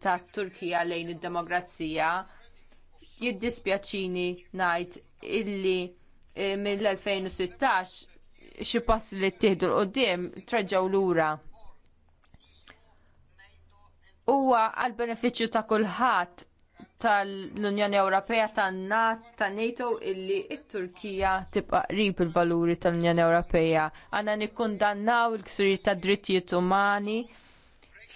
tat Turkija lejn id-demokrazija jiddispjaċini ngħid illi eh, mill-2016 xi pass li ttieħdu l qudiem treġgħu lura. Huwa għall benefiċċju ta' kulħadd tal-Unjoni Ewropea tan-NATO ta' NATO illi t turkija tibqa' qrib il-valuri tal-Unjoni Ewropea. Għandna nikkundannaw il-ksurijiet tad drittijiet umani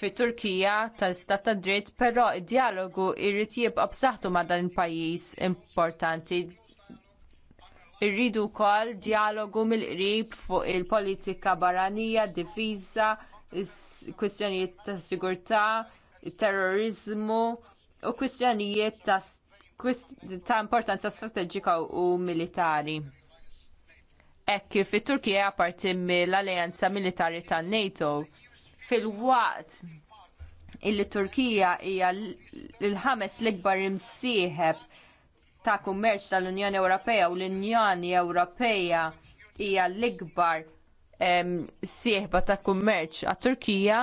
fit Turkija tal-Istat tad dritt, però d dialogu jrid jibqa' b'saħħtu ma' dan il-pajjiż importanti. Irridu wkoll dialogu mill-qrib fuq il-politika barranija, difiża, kwistjonijiet ta' sigurtà, terrorizmu u kwistjonijiet ta' ta' importanza strateġika u militari. Hekk kif it-Turkija parti mill-Alleanza Militari tan NATO fil-waqt illi Turkija hija l-ħames l-ikbar imsieħeb ta' kummerċ tal-Unjoni Ewropea u l-Unjoni Ewropea hija l-ikbar sieħba ta' kummerċ għat Turkija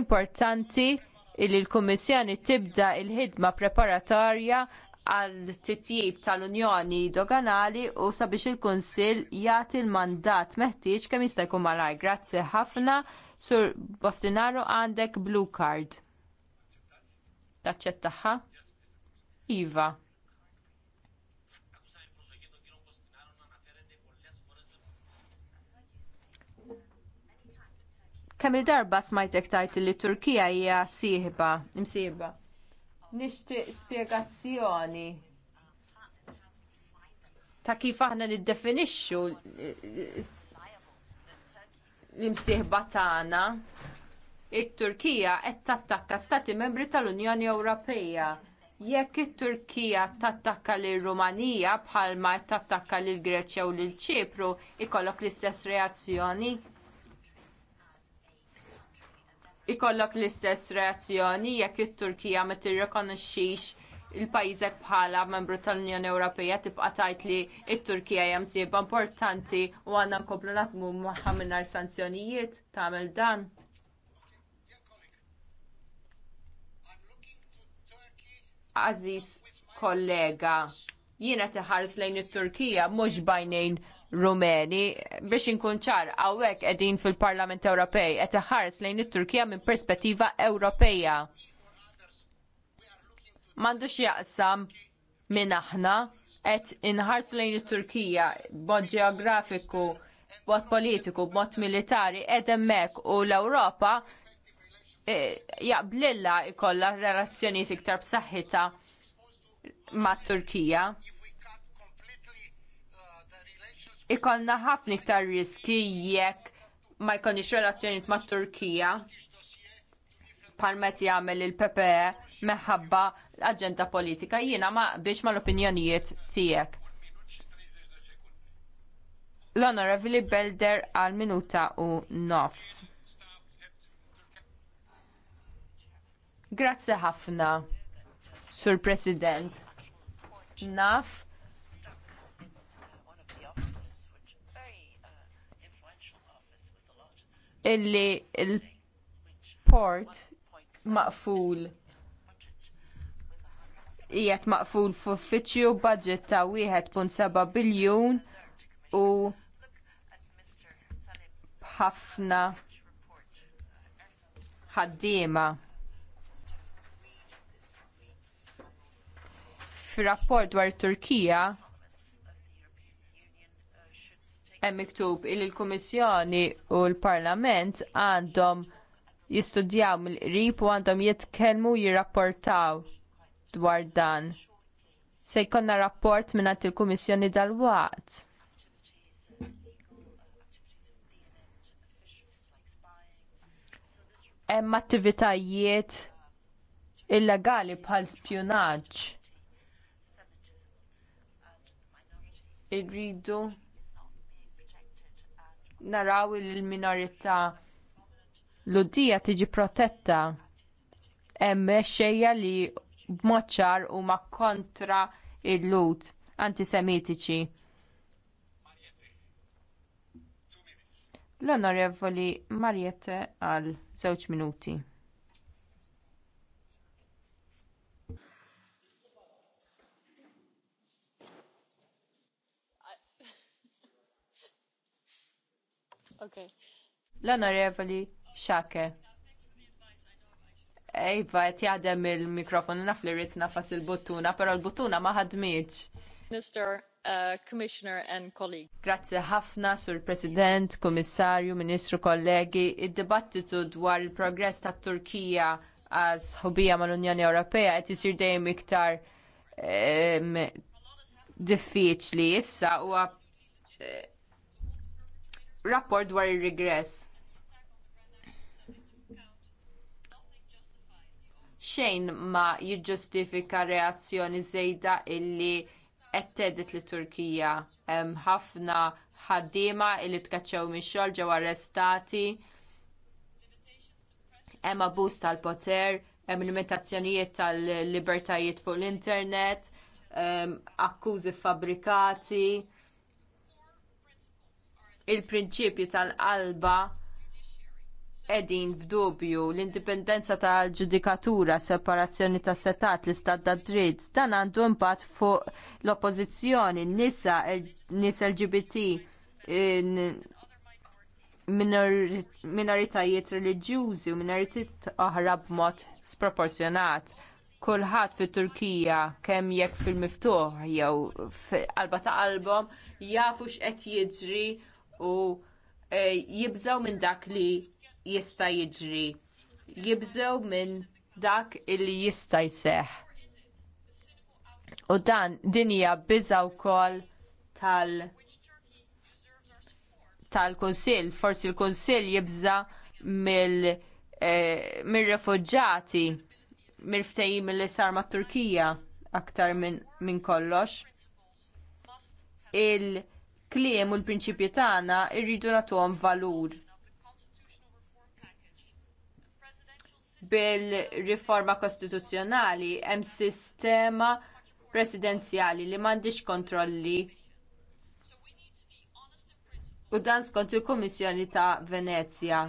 importanti illi l-Kummissjoni tibda l ħidma preparatorja għal titjib tal-Unjoni Doganali u sabiex il-Kunsill jagħti l-mandat meħtieġ kemm jista' jkun malajr. Grazzi ħafna. Sur Bostinaro għandek blue card. Taċċettaħħa? Iva. Kemm il-darba smajtek tajt li Turkija hija sieħba, imsieħba. Nixtieq spjegazzjoni ta' kif aħna niddefinixxu l-imsieħba tagħna it-Turkija qed tattakka stati membri tal-Unjoni Ewropea. Jekk it-Turkija tattakka lil Rumanija bħalma qed tattakka lil Greċja u lil Ċipru, ikollok l-istess reazzjoni? Ikollok l-istess reazzjoni jekk it-Turkija ma tirrikonoxxix il-pajizek bħala membru tal-Unjoni Ewropea tibqa tajt li t turkija hija msiba importanti u għandna nkomplu nagħmlu magħha mingħajr sanzjonijiet tagħmel dan. Aziz kollega, jiena tiħares lejn it-Turkija mhux bajnejn Rumeni biex inkun ċar hawnhekk qegħdin fil-Parlament Ewropej qed iħares lejn it-Turkija minn perspettiva Ewropea m'għandux jaqsam minn aħna qed inħarsu lejn it-Turkija b'mod ġeografiku, b'mod politiku, b'mod militari qed hemmhekk u l-Ewropa e, jaqblilla jkollha relazzjonijiet iktar b'saħħita mat Turkija. Ikollna ħafna iktar riski jekk ma jkollniex relazzjonijiet mat Turkija palmet jagħmel il-PPE meħabba aġenda politika jiena ma biex mal-opinjonijiet tiegħek. L-Onorevoli Belder għal minuta u nofs. Grazzi ħafna, Sur President. Naf. Illi il-port maqful jiet maqful f'uffiċċju budget ta' 1.7 biljun u b'ħafna ħaddiema. Fir-rapport dwar it Turkija hemm miktub li l kummissjoni u l-Parlament għandhom jistudjaw mill-qrib u għandhom jitkellmu jirrapportaw dwar dan. Se jkollna rapport minn il-Kummissjoni dal-waqt. hemm attivitajiet illegali bħal spjunaġġ. Irridu naraw li l-minorità l-udija tiġi protetta hemm xejja li b'mod ċar huma kontra il lut antisemitiċi. L-Onorevoli Mariette għal żewġ minuti. Okay. L-Onorevoli Xake. Ejba, iva, qed jadem il-mikrofon, naf li rrit nafas il-buttuna, però l-buttuna ma ħadmitx. Minister, uh, Commissioner and colleague. Grazie ħafna, Sur President, Komissarju, Ministru, kollegi. Id-dibattitu dwar il-progress tat Turkija għaz ħubija mal-Unjoni Ewropea qed isir dejjem iktar um, diffiċli issa huwa uh, rapport dwar ir-regress xejn ma jiġġustifika reazzjoni żejda illi qed tgħidet li Turkija hemm ħafna ħaddiema li tkaċċew mix-xogħol ġew arrestati hemm abbuż tal-poter, hemm limitazzjonijiet tal-libertajiet fuq l-internet, ehm, akkużi fabbrikati, il-prinċipji tal-qalba qegħdin f'dubju l-indipendenza tal-ġudikatura, separazzjoni tas setat, l-istat tad dritt, dan għandu impatt fuq l-oppożizzjoni, n-nisa, n-nisa LGBT, minoritajiet reliġjużi u minoritajiet oħra b'mod sproporzjonat. Kulħadd fit-Turkija kemm jekk fil-miftuħ jew qalba ta' qalbhom jafu x'qed jiġri u eh, jibżgħu minn dak li jista' jiġri jibżew minn dak illi jista' jseħħ. U dan din hija biża wkoll tal tal-Kunsill, forsi l-Kunsill jibża mill eh, mir-refuġġati mill-ftehim li sar mat Turkija aktar minn min kollox. Il-kliem u l-prinċipji tagħna jridu nagħtuhom valur bil-riforma kostituzzjonali hemm sistema presidenzjali li m'għandix kontrolli u dan skont il-Kummissjoni ta' Venezja.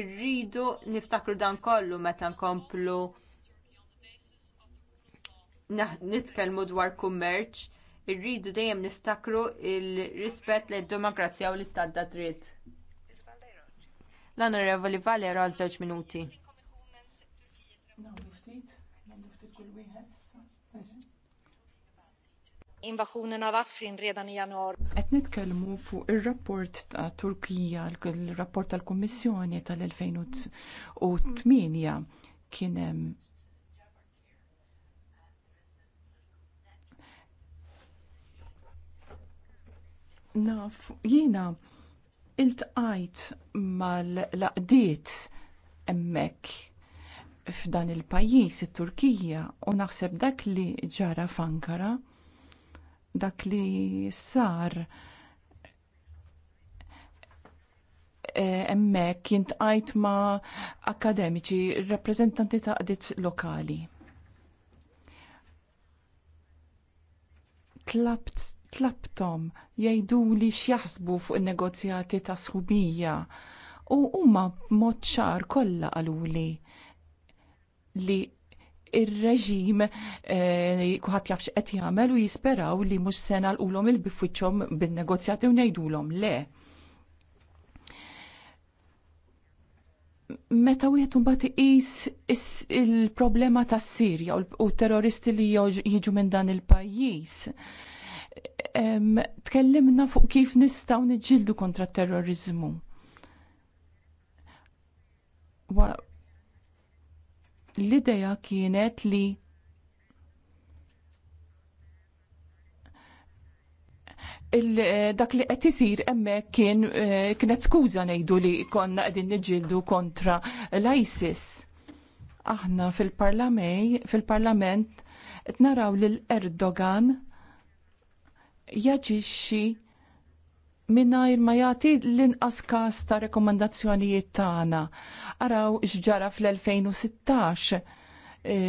Irridu niftakru dan kollu meta nkomplu nitkellmu dwar kummerċ, irridu dejjem niftakru l rispett lid demokrazija u l-istat ta' dritt. L-Onorevoli Valero għal żewġ minuti. Nawdu Qed nitkellmu fuq ir-rapport ta' Turkija, il-rapport tal-Kummissjoni tal-2008 kien hemm naf jiena iltqajt mal-laqdiet hemmhekk f'dan il-pajjiż it-Turkija u naħseb dak li ġara f'Ankara dak li sar eh, hemmhekk jintqajt ma' akademiċi rappreżentanti ta' qdiet lokali. Tlabthom jgħiduli x'jaħsbu fuq in-negozjati ta' sħubija u huma b'mod ċar kollha qaluli li il reġim eh, kuħat jafx qed jagħmel u jisperaw li mhux se nagħlqulhom il-bifwiċċhom bin-negozjati u ngħidulhom le. Meta wieħed imbagħad iqis il-problema tas-Sirja u terroristi li jiġu minn dan il-pajjiż. Tkellimna fuq kif nistgħu niġġieldu kontra t terrorizmu l-idea kienet li dak li qed isir hemmhekk kien eh, kienet skuża ngħidu li konna qegħdin niġġieldu kontra l-ISIS. Aħna fil-parlament fil-parlament naraw l Erdogan jaġixxi minnajr ma jagħti l-inqas każ ta' rekomendazzjonijiet tagħna. Araw x'ġara fl-2016 e,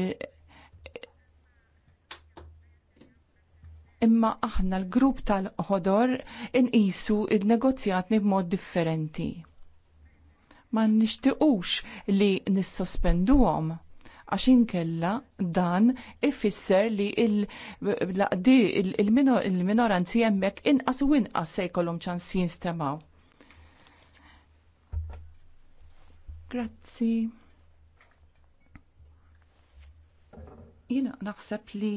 imma aħna l-grupp tal-ħodor inqisu id-negozjatni b'mod differenti. Ma nixtiqux li nissospenduhom għax inkella dan ifisser li il-minoranzi hemmhekk inqas u inqas se jkollhom ċans jinstemaw. Grazzi. Jina naħseb li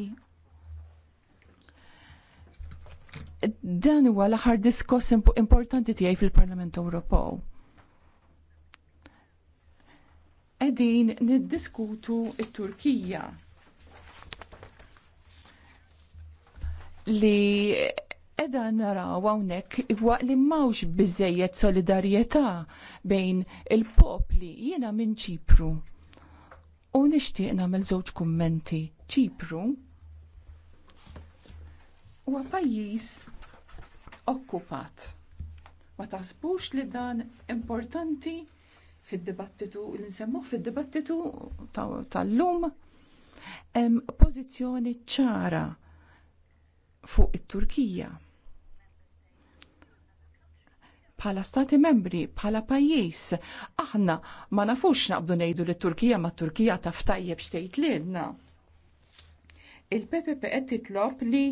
dan huwa l-aħħar diskoss importanti tiegħi fil-Parlament Ewropew Qegħdin niddiskutu il turkija li edha naraw hawnhekk li mawx biżejjed solidarjetà bejn il-popli jiena minn Ċipru. U nixtieq nagħmel żewġ kummenti. Ċipru huwa pajjiż okkupat. Ma taħsbux li dan importanti fid-dibattitu, li nsemmuh fil dibattitu tal-lum, hemm pożizzjoni ċara fuq it-Turkija. Bħala stati membri, bħala pajjiż, aħna ma nafux naqbdu ngħidu li turkija ma Turkija taf tajjeb l-edna. Il-PPP qed titlob li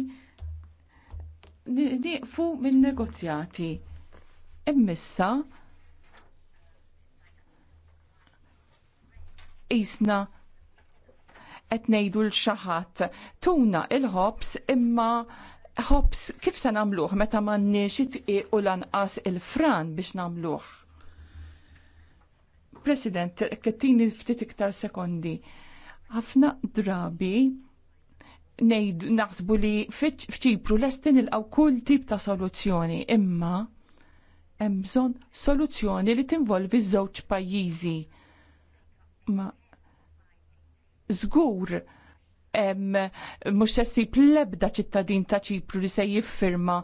nieqfu min-negozjati. Immissa isna qed ngħidu l tuna il-ħobs imma ħobs kif se nagħmluh meta m'għandniex it-tqiq u lanqas il-fran biex nagħmluh. President, kettini ftit iktar sekondi. Ħafna drabi nejd naħsbu li fċipru lestin il-qaw kull tip ta' soluzzjoni, imma hemm bżonn soluzzjoni li tinvolvi żewġ pajjiżi. Ma zgur mux sessi plebda ċittadin ta' ċipru li se jiffirma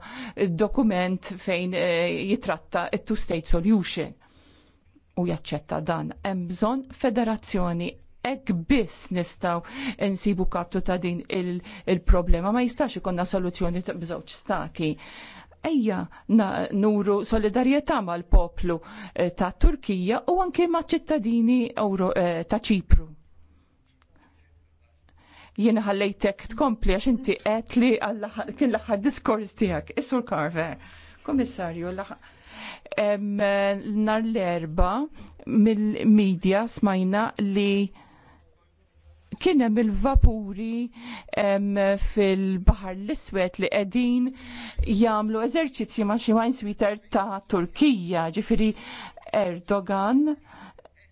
dokument fejn eh, jitratta it-two-state solution u jaċċetta dan. Hemm bżonn federazzjoni ek biss nistaw nsibu kaptu ta' din il-problema. Ma jistax ikonna soluzzjoni ta' bżoċ stati. Ejja nuru solidarieta mal poplu eh, ta' Turkija u anke ma' ċittadini eh, ta' Ċipru. Jiena ħallejtek tkompli għax inti qed li kien l-aħħar diskors tiegħek. Isur Carver, Komissarju, nar l-erba mill-medja smajna li kien hemm il-vapuri fil-Baħar l iswet li qegħdin jagħmlu eżerċizzji ma' xi minesweeper ta' Turkija, ġifiri Erdogan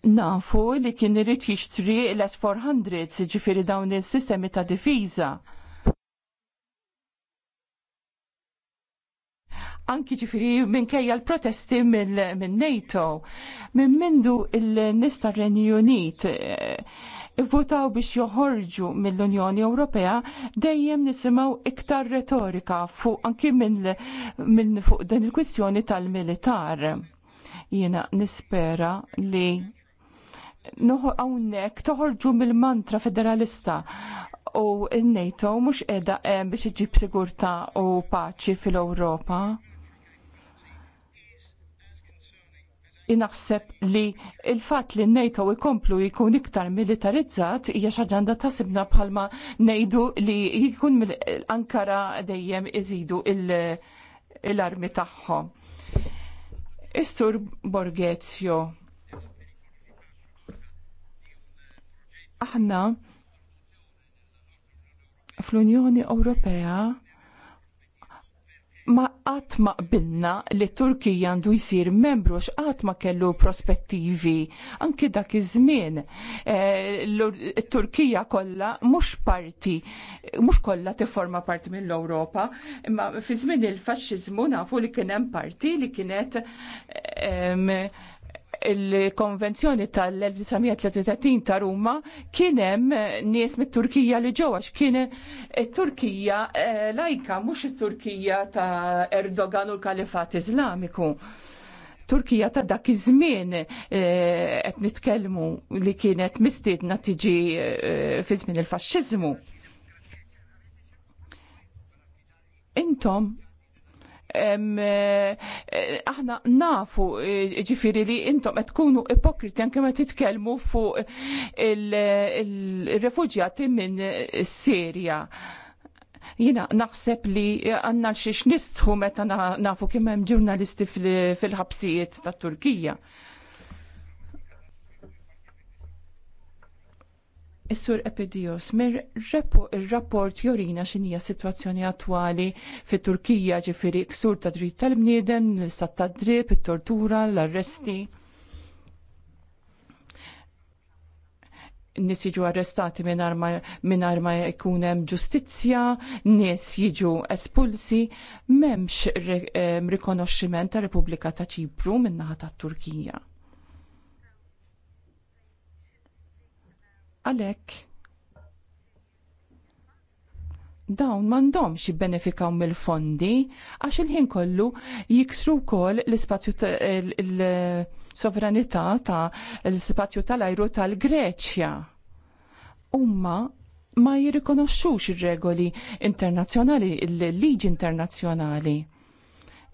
nafu li kien irid jixtri l-S400 ġifiri dawn il-sistemi ta' difiża. Anki ġifiri minkejja l-protesti minn NATO, minn mindu il-nista Renju Unit eh, votaw biex joħorġu mill-Unjoni Ewropea dejjem nisimgħu iktar retorika fuq anki minn fuq din il-kwistjoni tal-militar. Jiena nispera li hawnhekk toħorġu mill-mantra federalista u n-NATO mhux qiegħda hemm eh, biex iġib sigurtà u paċi fil-Ewropa. Inaħseb li il-fatt li n-NATO ikomplu jkun iktar militarizzat hija xi ġanda tasibna bħalma ngħidu li jkun ankara dejjem iżidu l-armi tagħhom. Istur Borgezio. aħna fl-Unjoni Ewropea ma qatt ma qbilna li Turkija għandu jsir membru x'qatt ma kellu prospettivi. Anki dak iż-żmien it eh, turkija kollha mhux parti, mhux kollha tifforma parti mill-Ewropa, imma fi żmien il-faxxiżmu nafu li kien hemm parti li kienet il-konvenzjoni tal-1933 ta' Ruma kienem eh, nies mit-Turkija li ġew għax kien it-Turkija eh, eh, lajka mhux it-Turkija ta' Erdogan u l-Kalifat Iżlamiku. Turkija ta' dak iż-żmien qed nitkellmu li kienet mistiedna tiġi fi żmien il-faxxiżmu. Intom Eh, eh, aħna nafu eh, ġifiri li intom qed tkunu ipokriti anke meta titkellmu fuq il-refuġjati minn Sirja. Jina naħseb li għanna xiex nistħu meta nafu kemm hemm ġurnalisti fil-ħabsijiet tat Turkija. Is-sur Epidios, mir rapport jorina xinija situazzjoni attwali fit turkija ġifiri ksur ta' dritt tal-bniedem, l-istat ta' drib, it-tortura, l-arresti. Nis jiġu arrestati mingħajr ma jkun hemm ġustizzja, nies jiġu espulsi, m'hemmx eh, rikonoxximent ta' Repubblika ta' Ċipru min-naħa tat Turkija. Għalhekk dawn m'għandhomx jibbenefikaw mill-fondi għax il-ħin kollu jiksru wkoll l-ispazju l-sovranità ta' l-ispazju tal-ajru tal-Greċja. Umma ma jirrikonoxxux ir-regoli internazzjonali, l liġi internazzjonali.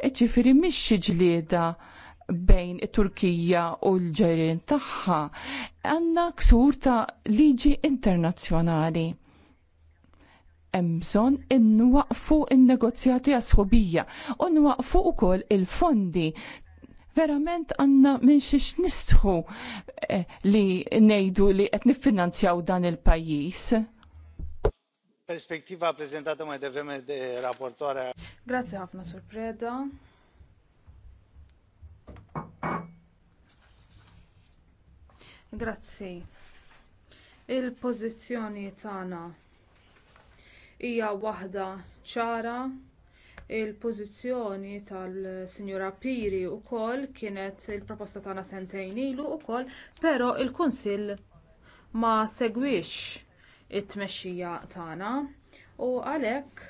Eċifiri mhix xi ġlieda bejn it-Turkija u l-ġerin tagħha għandna ksur ta' liġi internazzjonali. Hemm bżonn innwaqfu n-negozjati għas-sħubija u nwaqfu wkoll il-fondi verament għanna minn xiex nistħu eh, li nejdu li qed niffinanzjaw dan il-pajjiż. Perspektiva prezentata ma' devreme de rapportora. Grazie ħafna sur Preda. Grazzi. Il-pożizzjoni tagħna hija waħda ċara il-pożizzjoni tal-sinjura Piri wkoll kienet il-proposta tagħna sentejn ilu wkoll, però l-kunsill ma segwix it-tmexxija tagħna u għalhekk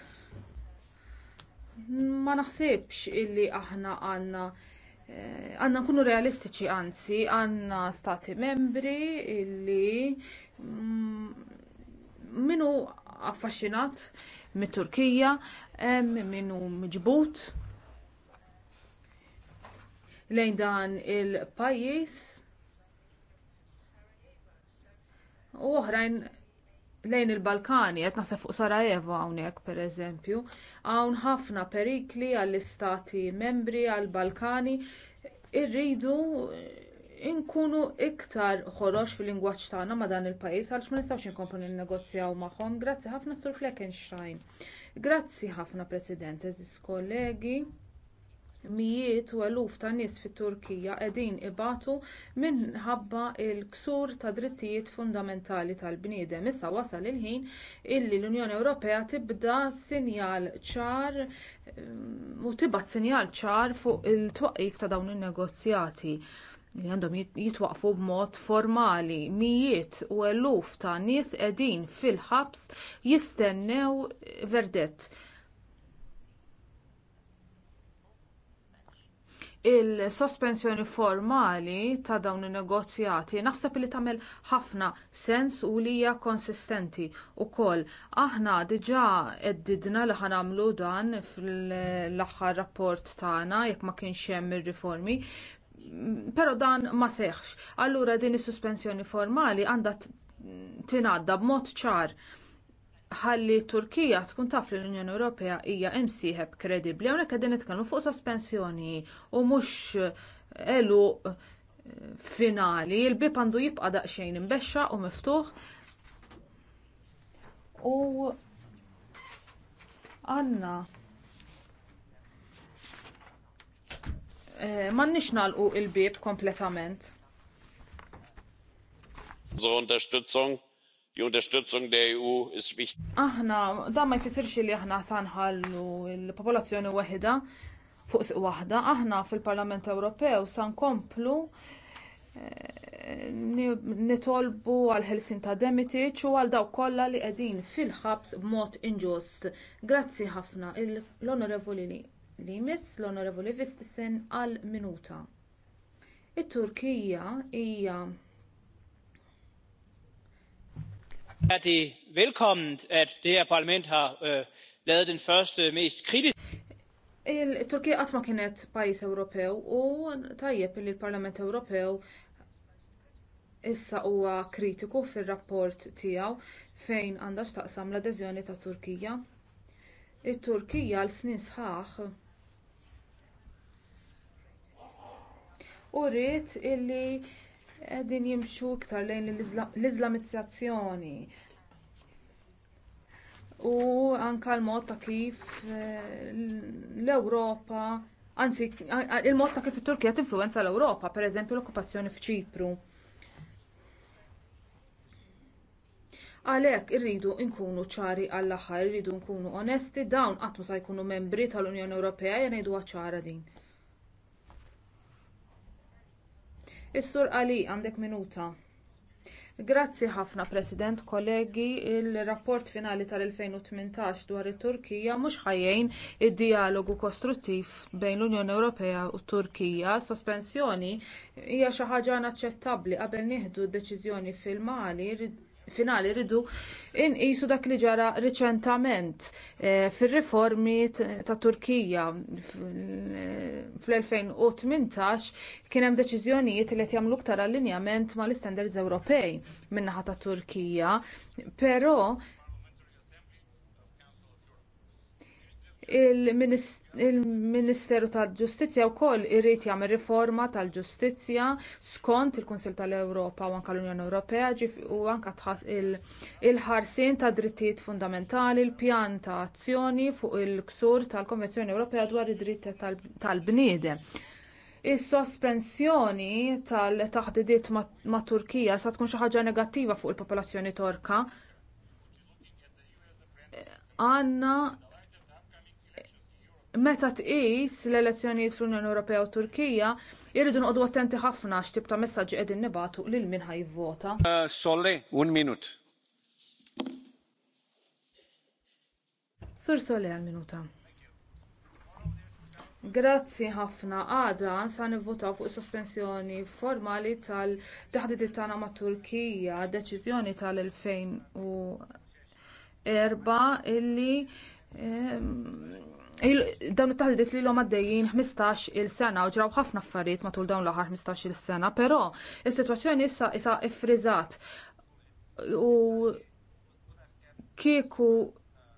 ma naħsibx illi aħna għandna għanna nkunu realistiċi anzi għanna stati membri li mm, minu affaxxinat mit-Turkija, minu miġbut lejn dan il-pajjiż u oħrajn lejn il-Balkani, qed naħseb fuq Sarajeva hawnhekk pereżempju, hawn ħafna perikli għall-istati membri għall-Balkani irridu inkunu iktar ħorox fil-lingwaġġ tagħna ma' dan il-pajjiż għaliex ma nistgħux inkomplu ninnegozjaw magħhom. Grazzi ħafna Sur Fleckenstein. Grazzi ħafna President, eżis kollegi mijiet u eluf ta' nies fit-Turkija qegħdin ibatu minħabba l-ksur ta' drittijiet fundamentali tal-bniedem. Issa wasal il-ħin illi l-Unjoni Ewropea tibda sinjal ċar u tibgħat sinjal ċar fuq il-twaqqif ta' dawn in-negozjati li għandhom jitwaqfu b'mod formali mijiet u eluf ta' nies qegħdin fil-ħabs jistennew verdett il-sospensjoni formali ta' dawn in-negozjati naħseb li tagħmel ħafna sens u li hija konsistenti wkoll aħna diġà qeddidna li ħanamlu dan fl-aħħar rapport tagħna jekk ma kienx hemm ir-riformi però dan ma seħħx allura din is-sospensjoni formali għandha tingħadda b'mod ċar ħalli Turkija tkun taf li l-Unjoni Ewropea hija imsieħeb kredibbli hawnhekk qegħdin nitkellmu fuq sospensjoni u mhux eh, eluq eh, finali il-bib għandu jibqa' daqsxejn imbexxa u miftuħ u għandna eh, m'għandniex nagħlqu l-bieb kompletament. Unsere Unterstützung Die Unterstützung der EU ist wichtig. Aħna, dan ma jfissirx li aħna sanħallu l-popolazzjoni wahda fuq siq waħda, aħna fil-Parlament Ewropew sankomplu eh, nitolbu għal Helsin ta' Demitic u għal daw kollha li qegħdin fil-ħabs b'mod inġust. Grazzi ħafna l-Onorevoli Limis, miss l-Onorevoli Vistisen għal minuta. It-Turkija hija Er det det har øh, lavet den mest Il-Turkija qatt ma kienet pajjiż Ewropew u tajjeb li l-Parlament Ewropew issa huwa kritiku fir-rapport tiegħu fejn għandha x'taqsam l-adeżjoni tat-Turkija. It-Turkija l snin sħaħ u rrid illi qegħdin jimxu iktar lejn l-iżlamizzazzjoni u anke l-mod ta' kif eh, l-Ewropa anzi il-mod ta' kif it-Turkija tinfluwenza l-Ewropa, pereżempju l-okkupazzjoni f'Ċipru. Għalhekk irridu nkunu ċari għall aħħar irridu nkunu onesti dawn qatt ma se jkunu membri tal-Unjoni Ewropea jgħidu ċara din. Is-sur Ali għandek minuta. Grazzi ħafna President, kollegi, il-rapport finali tal-2018 dwar it-Turkija mhux ħajjejn id-dialogu kostruttiv bejn l-Unjoni Ewropea u t Turkija. Sospensjoni hija xi ħaġa naċċettabbli qabel nieħdu d deċiżjoni fil-Mali finali rridu inqisu dak li ġara riċentament eh, fir-riformi ta' Turkija eh, fl-2018 kien hemm deċiżjonijiet li qed jagħmlu iktar allinjament mal-istandards Ewropej min-naħa ta' Turkija, però il-Ministeru tal-Ġustizzja wkoll irid jagħmel riforma tal-Ġustizzja skont il-Kunsill tal-Ewropa u anke l-Unjoni Ewropea u anke il-ħarsien ta' drittijiet fundamentali, l-pjan ta' azzjoni fuq il-ksur tal-Konvenzjoni Ewropea dwar id-dritt tal-bniedem. Is-sospensjoni tal-taħdidiet mat Turkija sa tkun xi ħaġa negattiva fuq il-popolazzjoni Torka meta tqis l-elezzjonijiet fl-Unjoni Ewropea u Turkija, irridu noqogħdu attenti ħafna x'tib ta' messaġġi qegħdin nibatu lil min ħajvvota. Uh, Solle, un minut. Sur Sole għal minuta. Grazzi ħafna għada sa nivvotaw fuq sospensjoni formali tal-taħdidiet tagħna mat Turkija, deċiżjoni tal-2004 illi Dawn it-taħdiet li l-om għaddejjin 15 il-sena u ġraw ħafna affarijiet matul dawn l-aħħar 15 il-sena, però il sitwazzjoni issa issa ifriżat u kieku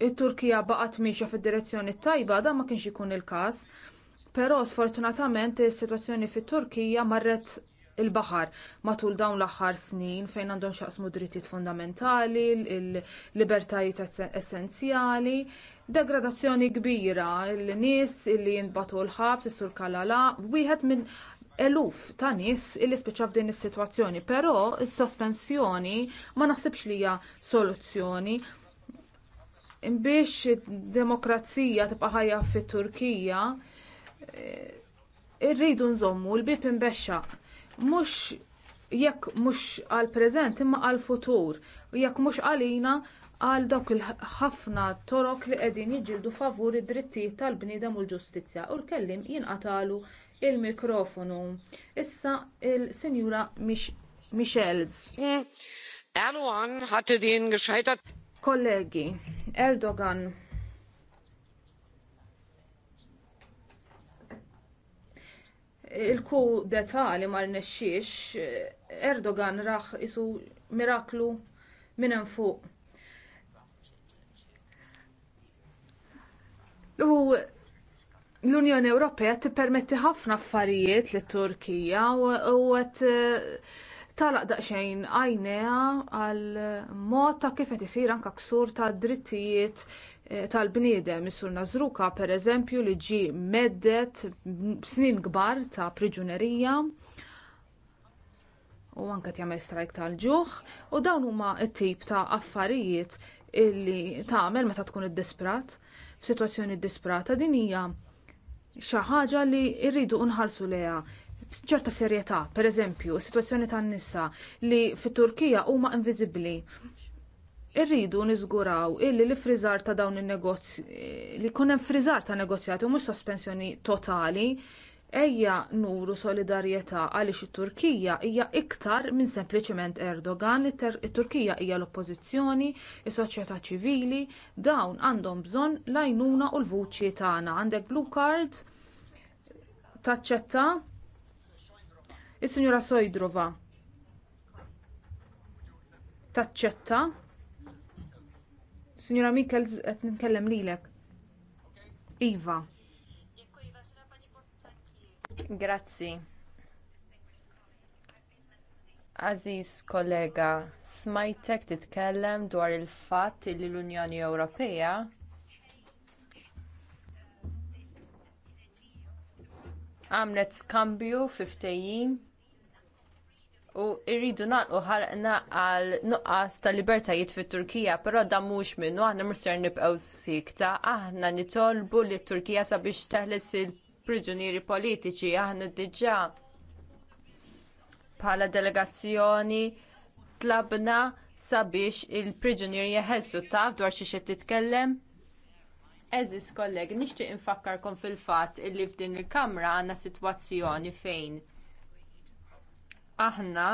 it-Turkija baqgħet miexja fid-direzzjoni tajba dan ma kienx ikun il-każ. Però sfortunatament is-sitwazzjoni fit-Turkija marret il-baħar matul dawn l-aħħar snin fejn għandhom xaqsmu drittijiet fundamentali, il-libertajiet essenzjali, degradazzjoni kbira l-nies illi jintbatu l-ħabs is-sur kalala wieħed minn eluf ta' nies illi spiċċa f'din is-sitwazzjoni, però s-sospensjoni ma naħsibx li hija soluzzjoni biex id-demokrazija tibqa' ħajja fit-Turkija eh, irridu nżommu l-bib imbexxaq mhux jekk mhux għall preżent imma għall futur jekk mhux għalina għal dawk il-ħafna toroq li qegħdin jiġġieldu favur id-drittijiet tal-bniedem u l-ġustizzja u l-kelliem jinqatalu l mikrofonu issa il-sinjura michels erdogan hatte den kollegi erdogan il-ku detali li ma rnexxiex erdogan raħ isu miraklu minn hemm fuq U l-Unjoni Ewropea tippermetti ħafna affarijiet lit Turkija u qed eh, talaq daqsxejn għajnejha għal mod ta' kif qed isir anke ksur ta' drittijiet eh, tal-bniedem. Is-sur Nazruka pereżempju li ġie meddet snin kbar ta' priġunerija u anke jagħmel strajk tal-ġuħ u dawn huma t-tip ta' affarijiet illi tagħmel meta tkun iddisprat sitwazzjoni disprata din hija xi ħaġa li rridu nħallsu lejha b'ċerta serjetà, pereżempju, is-sitwazzjoni tan-nisa li fit-Turkija huma inviżibbli. Irridu niżguraw illi li friżar ta' dawn in-negozji li jkun hemm friżar ta' negozjati u mhux sospensjoni totali ejja nuru solidarjetà għaliex it-turkija hija iktar minn sempliċiment erdogan it-turkija hija l-oppożizzjoni is-soċjetà ċivili dawn għandhom bżonn l-għajnuna u l-vuċi tagħna għandek blue card taċċetta is-sinjura sojdrova taċċetta sinjura mikkels qed nitkellem lilek iva Grazzi. Aziz kollega, smajtek titkellem dwar il-fatt li l-Unjoni Ewropea għamlet skambju fi ftehim u rridu nagħlqu ħalqna għal nuqqas ta' libertajiet fit-Turkija, però dan mhux minnu aħna mhux ser nibqgħu sikta, aħna nitolbu lit Turkija sabiex teħles il priġunieri politiċi aħna diġà bħala delegazzjoni tlabna sabiex il-priġunieri jeħelsu taf dwar xi qed titkellem. Eżis kollegi, nixtieq infakkarkom fil-fatt illi f'din il-Kamra għandna sitwazzjoni fejn aħna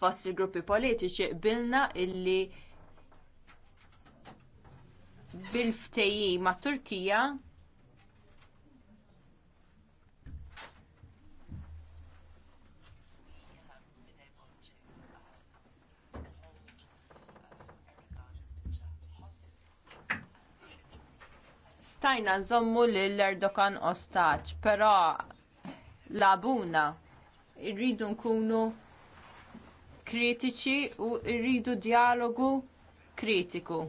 fost il-gruppi politiċi qbilna illi bil-ftejji mat Turkija stajna nżommu l Erdogan ostaġġ, però labuna irridu nkunu kritiċi u rridu dijalogu kritiku.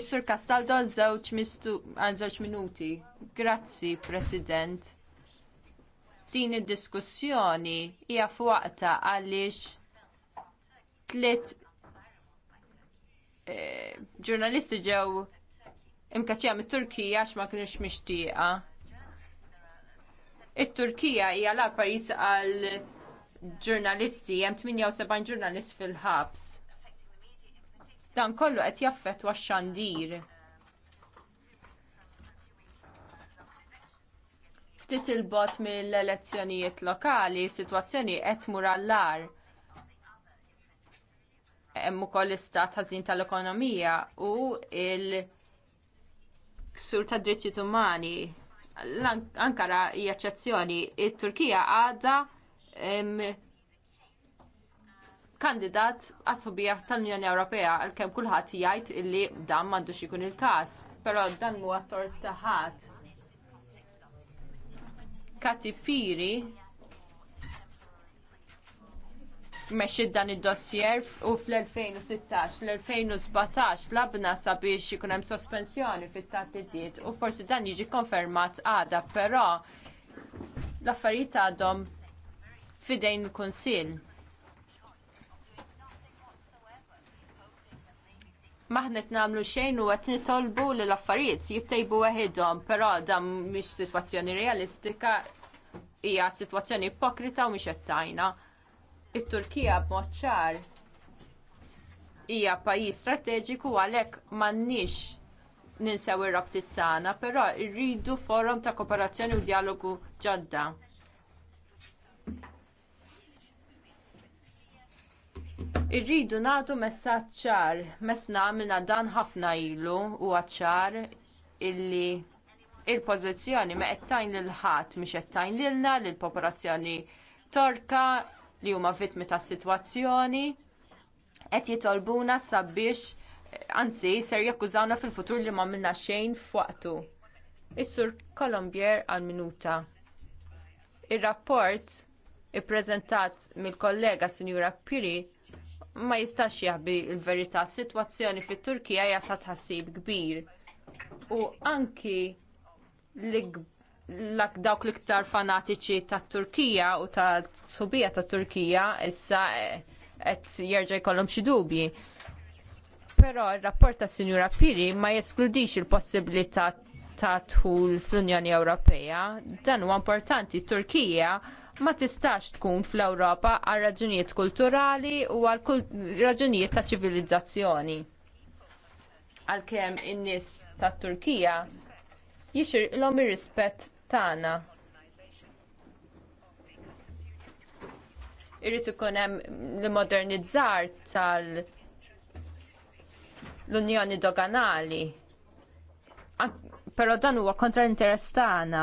Is-Sur Castaldo għal żewġ minuti. Grazzi, President. Din id-diskussjoni hija fuqta għaliex tliet eh, ġurnalisti ġew imkaċija mit-Turkija għax ma kienx mixtieqa. It-Turkija hija l pajjiż għal ġurnalisti, hemm 78 ġurnalist fil-ħabs. Dan kollu qed jaffett x-xandir. Ftit il-bot mill-elezzjonijiet lokali, sitwazzjoni qed tmur għall-ar hemm ukoll l-istat ħażin tal-ekonomija u l Sur ta' dritti umani. Ankara hija eċċezzjoni, it-Turkija għadha kandidat għasħobija tal-Unjoni Ewropea għalkemm kulħadd jgħid illi dan m'għandux ikun il-każ, però dan huwa tort ta' ħadd. Kati Piri mexxi dan id-dossier u fl-2016, l-2017 labna sabiex ikun hemm sospensjoni fit tatidiet u forsi dan jiġi konfermat għada, però l-affarijiet għadhom fidejn il-Kunsill. maħnet namlu xejn u għetni nitolbu li l-affarijiet jittajbu għahidhom, pero dan mhix situazzjoni realistika, hija situazzjoni ipokrita u miex għettajna it-Turkija b'mod ċar hija pajjiż strateġiku għalhekk m'għandniex ninsew ir-rabtiet tagħna, però rridu forum ta' kooperazzjoni u dijalogu ġodda. Irridu nagħtu messaġġ ċar, messna għamilna dan ħafna ilu huwa ċar illi il-pożizzjoni ma qed tajn lil ħadd mhix qed tajn lilna lill popolazzjoni Torka li huma vittmi tas-sitwazzjoni qed jitolbuna sabiex anzi ser jakkużawna fil-futur li ma minna xejn f'waqtu. Is-Sur Colombier għal minuta. Ir-rapport ippreżentat mill-kollega Sinjura Piri ma jistax jaħbi l-verità sitwazzjoni fit-Turkija hija ta' tħassib kbir. U anki l-ikbar dawk l-iktar fanatiċi tat Turkija u ta' subija tat Turkija issa eh, qed jerġa' jkollhom xi dubji. Però r-rapport tas Sinjura Piri ma jeskludix il-possibilità ta' dħul fl-Unjoni Ewropea. Dan huwa importanti, t Turkija ma tistax tkun fl-Ewropa għal raġunijiet kulturali u għal raġunijiet ta' ċivilizzazzjoni. Għalkemm in-nies tat Turkija jixir l-om ir-rispett tagħna. Irrid ikun hemm l-modernizzar tal- l-Unjoni Doganali. Però dan huwa kontra l-interess tagħna.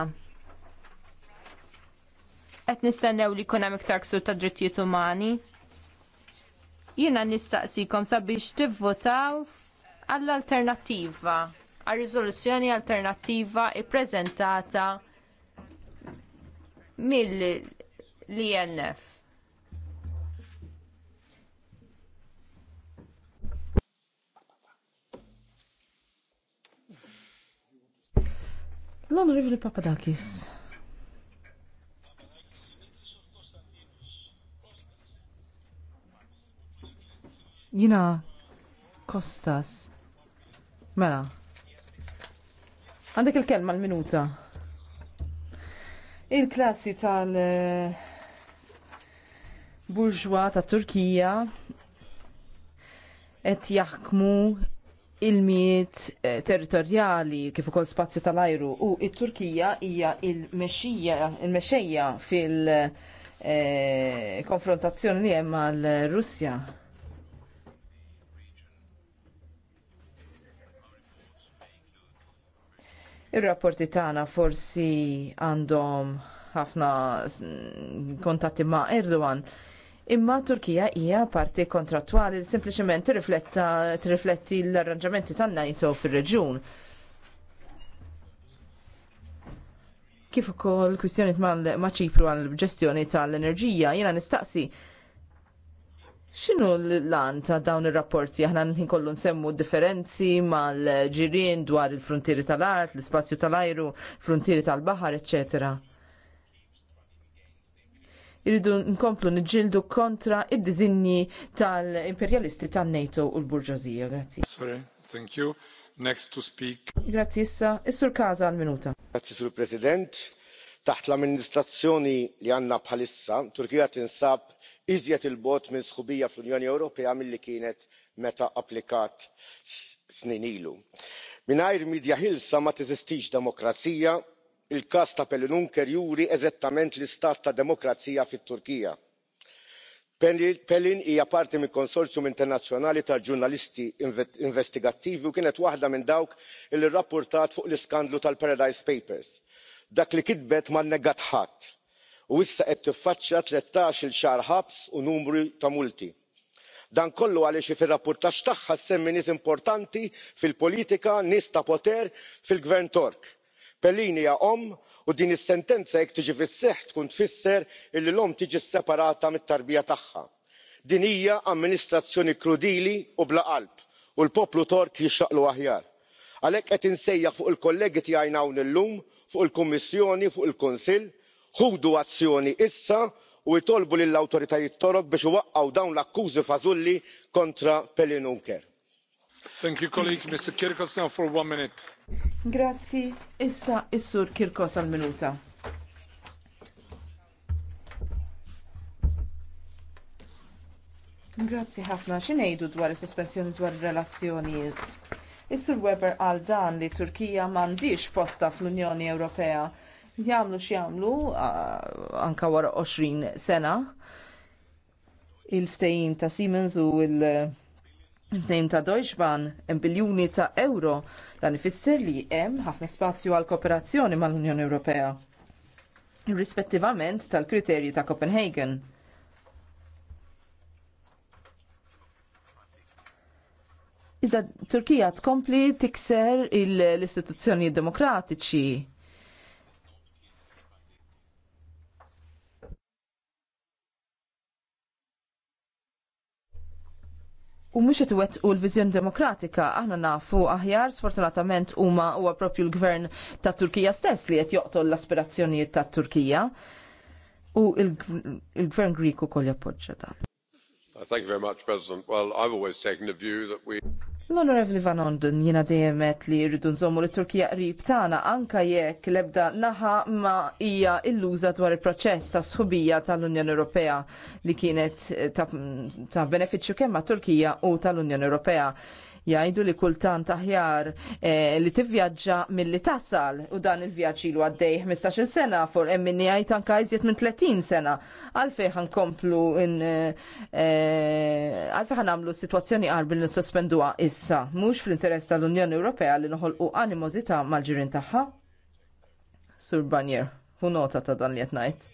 Qed nistennew li jkun hemm iktar ksur tad drittijiet umani. Jiena nistaqsikom sabiex tivvotaw għall-alternattiva għal riżoluzzjoni alternattiva ppreżentata mill-INF. L-Onorevoli Papadakis. Jina Kostas. Mela. Għandek il-kelma l-minuta. Il-klassi tal- eh, burġwa ta' Turkija qed jaħkmu il-miet eh, territorjali kif ukoll spazju tal-ajru u t turkija hija il mexija il mexejja fil-konfrontazzjoni eh, li hemm mal-Russja. Ir-rapporti tagħna forsi għandhom ħafna kontatti ma' Erdogan. Imma Turkija hija parti kontrattwali li sempliċement tirrifletti l-arranġamenti tan-NATO fir-reġjun. Kif ukoll kwistjoni ma' ċipru għall ġestjoni tal-enerġija, jiena nistaqsi X'inhu l-lan ta' dawn ir-rapporti aħna nħin kollu nsemmu differenzi mal-ġirien dwar il-frontieri tal-art, l-ispazju tal-ajru, frontieri tal-baħar, eċetera. Iridu nkomplu niġġieldu kontra id dizinni tal-imperjalisti tan-NATO u l-Burġożija. Grazzi. Sorry, thank you. Next to speak. Grazzi issa, is-Sur Kaza għal-minuta. Grazzi, Sur President taħt l-amministrazzjoni li għandna bħalissa turkija tinsab iżjed il bogħod minn sħubija fl-unjoni ewropea milli kienet meta applikat snin ilu. mingħajr midja ħilsa ma teżistix demokrazija il każ ta' pelin unker juri eżattament l-istat ta' demokrazija fit-turkija. pelin hija parti minn konsorzjum internazzjonali ta' ġurnalisti investigattivi u kienet waħda minn dawk li rrappurtat fuq l iskandlu tal paradise papers dak li kitbet ma nnegat ħadd u issa qed tiffaċċja tlettax-il xahar ħabs u numru ta' multi. dan kollu għaliex fir-rapportaġġ tagħha semmi nies importanti fil-politika nies ta' poter fil-gvern tork. Pelini hija omm u din is-sentenza jekk tiġi fis seħħ tkun tfisser illi l omm tiġi sseparata mit-tarbija tagħha. din hija amministrazzjoni krudili u bla qalb u l poplu tork jixtaq aħjar għalhekk qed insejjaħ fuq il kollegi tiegħi hawn illum fuq il kummissjoni fuq il kunsill ħudu azzjoni issa u jitolbu lill awtoritajiet torok biex iwaqqgħu dawn l-akkużi fażulli kontra pelin unker. Grazzi, issa is-sur Kirkos għal minuta. Grazzi ħafna, x'ingħidu dwar is-sospensjoni dwar relazzjonijiet Is-Sur Weber għal dan li Turkija m'għandix posta fl-Unjoni Ewropea. Jagħmlu x'jagħmlu anke wara 20 sena il-ftehim ta' Siemens u il- ftejim ta' Deutsche Bahn hemm biljuni ta' euro dan ifisser li hemm ħafna spazju għal kooperazzjoni mal-Unjoni Ewropea rispettivament tal-kriterji ta' Copenhagen. Iżda Turkija tkompli tikser l-istituzzjoni demokratiċi. U mux jtwet u l vizjon demokratika, aħna nafu aħjar sfortunatament huma u għapropju l-gvern ta' Turkija stess li jt joqtol l-aspirazzjonijiet ta' Turkija. U il-gvern Griku kol jappoġġa dan. Thank you very much, President. Well, I've always taken the view that we L-Onorevli Van Onden jina dejemet li rridu nżommu li Turkija qrib tagħna anka jekk l-ebda naħa ma hija illuża dwar il-proċess ta' sħubija tal-Unjoni Ewropea li kienet ta', ta benefiċċju kemm ma' Turkija u tal-Unjoni Ewropea jgħidu li kultant taħjar eh, li tivvjaġġa milli tasal u dan il-vjaġġ ilu għaddej 15 sena for hemm minni jgħid anke minn 30 sena. Għalfej għan komplu għalfejn eh, għan għamlu s-sitwazzjoni qarbi li nsospenduha issa, mhux fl-interess tal-Unjoni Ewropea li noħolqu animożità mal-ġirien tagħha. Sur Banjer, hu nota ta' dan li qed ngħid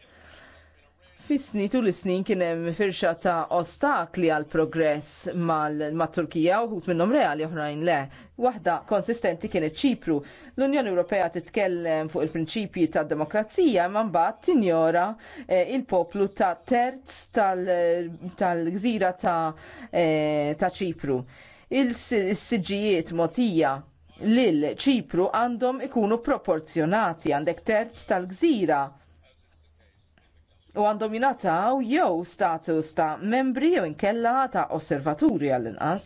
fis tul is-snin kien hemm firxa ta' ostakli għal progress mat-Turkija u ħut minnhom reali oħrajn le. Waħda konsistenti kienet Ċipru. L-Unjoni Ewropea titkellem fuq il-prinċipji ta' demokrazija imma mbagħad tinjora eh, il-poplu ta' terz tal-gżira ta' eh, Ċipru. Il-siġijiet motija lil ċipru għandhom ikunu proporzjonati għandek terz tal-gżira u għandhom jinataw jew status ta' membri jew inkella ta' osservaturi għall-inqas.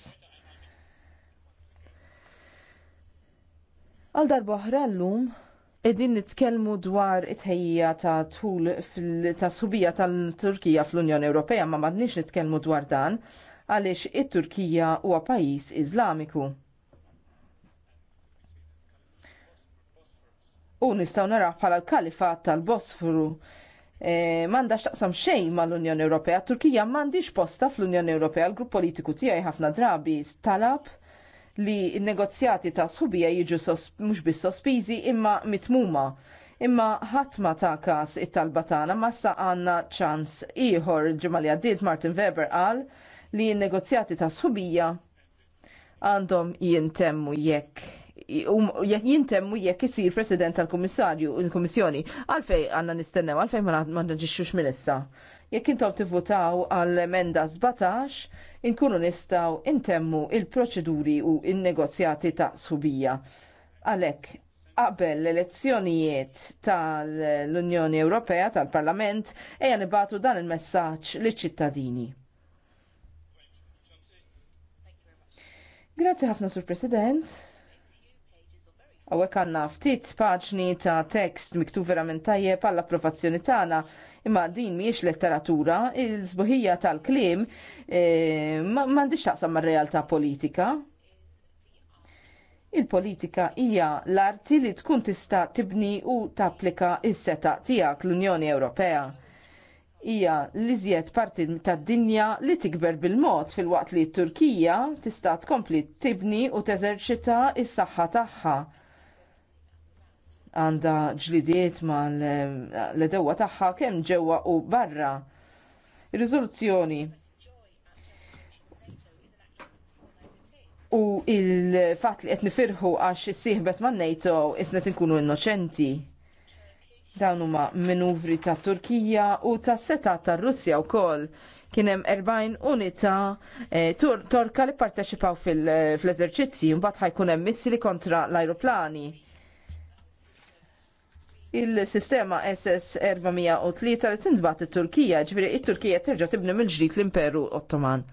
Għal darba oħra llum qegħdin nitkellmu dwar it-ħejja ta' tul ta' subija tal-Turkija fl-Unjoni Ewropea ma m'għadniex nitkellmu dwar dan għaliex it-Turkija huwa pajjiż Iżlamiku. U nistgħu naraw bħala l-kalifat tal-Bosforu Eh, mandax taqsam xejn mal-Unjoni Ewropea. Turkija mandiġ posta fl-Unjoni Ewropea. L-grupp politiku tiegħi ħafna drabi talab li n-negozjati ta' sħubija jiġu mhux biss sospiżi imma mitmuma. Imma ħatma ma ta' każ it-talba tagħna ma sa għandna ċans ieħor ġimgħa li għaddiet Martin Weber qal li n-negozjati ta' sħubija għandhom jintemmu jekk Um, jintemmu jekk isir president tal-Kummissarju il-Kummissjoni. Għalfej għandna nistennew, għalfej ma naġixxux minn issa. Jekk intom tivvutaw għall emenda 17, inkunu nistaw intemmu il-proċeduri u il-negozjati ta' subija. Għalek, qabel l-elezzjonijiet tal-Unjoni Ewropea tal-Parlament ejja nibatu dan il-messaġġ liċ ċittadini. Grazie ħafna, Sur President. Għawek għanna ftit paġni ta' tekst miktub verament tajjeb għall approvazzjoni tagħna, imma din miex letteratura, il-sbuħija tal-klim e, m'għandix taqsam mar-realtà politika. Il-politika hija l-arti li tkun tista' tibni u tapplika is-seta tiegħek l-Unjoni Ewropea hija l-iżjed parti tad-dinja li tikber bil-mod filwaqt li t Turkija tista' tkompli tibni u teżerċita s-saħħa tagħha għandha ġlidiet mal eh, l-edewa tagħha kemm ġewwa u barra. Ir-riżoluzzjoni u il-fatt li qed nifirħu għax issieħbet man NATO isnet inkunu innoċenti. Dawn huma minuvri ta' Turkija u ta' seta ta' Russja wkoll kien hemm 40 unità eh, torka li parteċipaw fil-eżerċizzji mbagħad ħajkun hemm missili kontra l-ajruplani il-sistema SS-403 li tindbat it-Turkija, ġviri il turkija terġa tibni mill-ġdid l-Imperu Ottoman.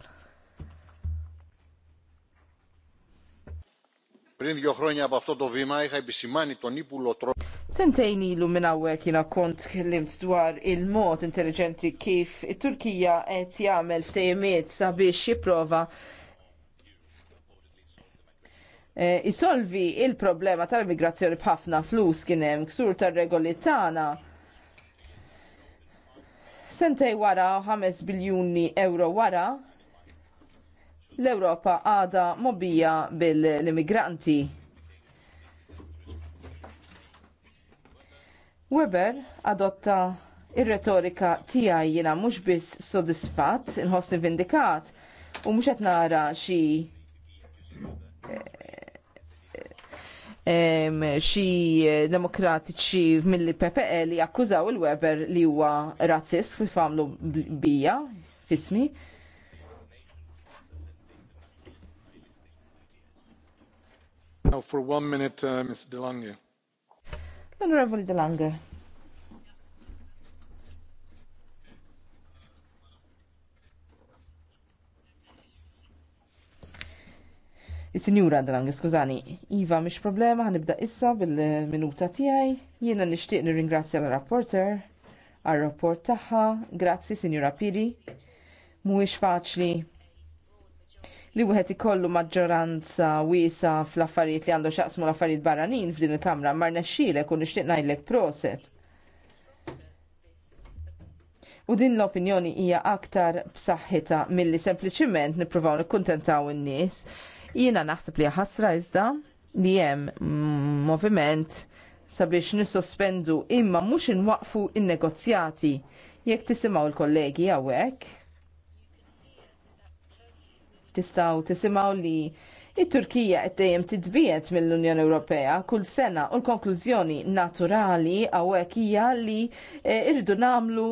Prin δύο χρόνια b'afto do το βήμα bisimani επισημάνει τον ύπουλο Sentejn ilu minn hawnhekk jiena kont kellimt dwar il-mod intelligenti kif it-Turkija qed jagħmel ftehimiet sabiex jipprova Eh, isolvi il-problema tal-immigrazzjoni bħafna flus kien hemm ksur tar-regoli tagħna. Sentej wara 5 biljuni euro wara l-Ewropa għada mobija bil-immigranti. Weber adotta ir-retorika tiegħi jiena mhux biss sodisfatt, inħossni vindikat u mhux qed nara xi eh, xi demokratiċi mill PPE li akkużaw il-Weber li huwa razzist fi famlu bija fismi. Now for one minute, uh, Ms. DeLange. l DeLange. Is-Sinjura Drang, skużani, Iva mhix problema, ħanibda issa bil-minuta tiegħi. Jiena nixtieq nirringrazzja l-rapporter għar-rapport tagħha. Grazzi, Sinjura Piri. Mhuwiex faċli li wieħed ikollu maġġoranza wiesa fl-affarijiet li għandu xaqsmu l-affarijiet barranin f'din il-kamra mar nexxielek u nixtieq ngħidlek proset. U din l-opinjoni hija aktar b'saħħitha milli sempliċiment nippruvaw nikkuntentaw in-nies. Jiena naħseb li ħasra iżda li hemm moviment sabiex nissospendu imma mhux inwaqfu in-negozjati jekk tisimgħu l-kollegi hawnhekk. Tistgħu tisimgħu li it-Turkija qed dejjem titbiet mill-Unjoni Ewropea kull sena u l-konklużjoni naturali hawnhekk hija li eh, irridu nagħmlu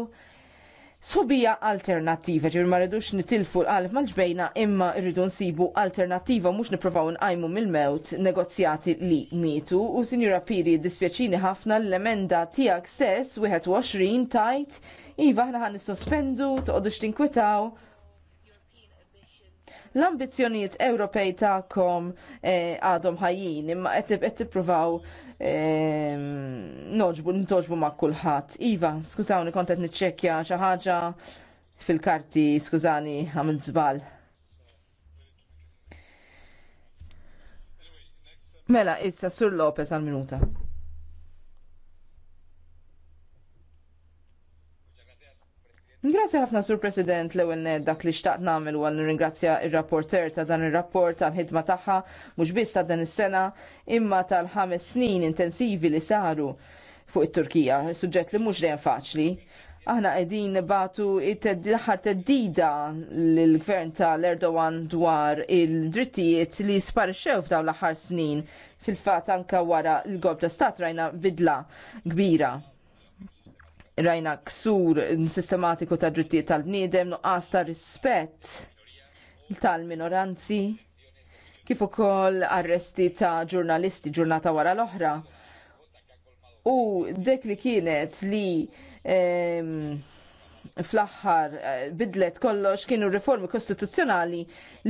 sobija alternativa, ġir ma rridux nitilfu l-qalb mal-ġbejna imma rridu nsibu alternativa mux niprofaw nqajmu mill-mewt negozjati li mitu u sinjura Piri dispjaċini ħafna l-emenda tijak stess 21 tajt Iva ħna ħan sospendu toqdux tinkwitaw l ambizzjonijiet Ewropej ta'kom eh, għadhom ħajjin imma qed tippruvaw Ehm, noġbu, nitoġbu ma' kulħadd. Iva, skużawni kontet niċċekkja xi ħaġa fil-karti, skużani, għamilt żball. Mela, issa, Sur Lopez għal-minuta. Ringrazja ħafna sur President l ewwel dak li xtaqt nagħmel u ringrazzja r rapporter ta' dan ir-rapport tal-ħidma tagħha mhux biss ta' dan is-sena imma tal-ħames snin intensivi li saru fuq it-Turkija, suġġett li mhux dejjem faċli. Aħna qegħdin nibatu t aħħar teddida lill-gvern tal-Erdogan dwar il-drittijiet li sparixxew f'dawn l-aħħar snin fil-fatt anka wara l-golb ta' stat rajna bidla kbira rajna ksur sistematiku ta' drittijiet tal-bniedem, nuqqas ta' rispett tal-minoranzi, kif ukoll arresti ta' ġurnalisti ġurnata wara l-oħra. U dek li kienet li eh, fl-aħħar eh, bidlet kollox kienu riformi kostituzzjonali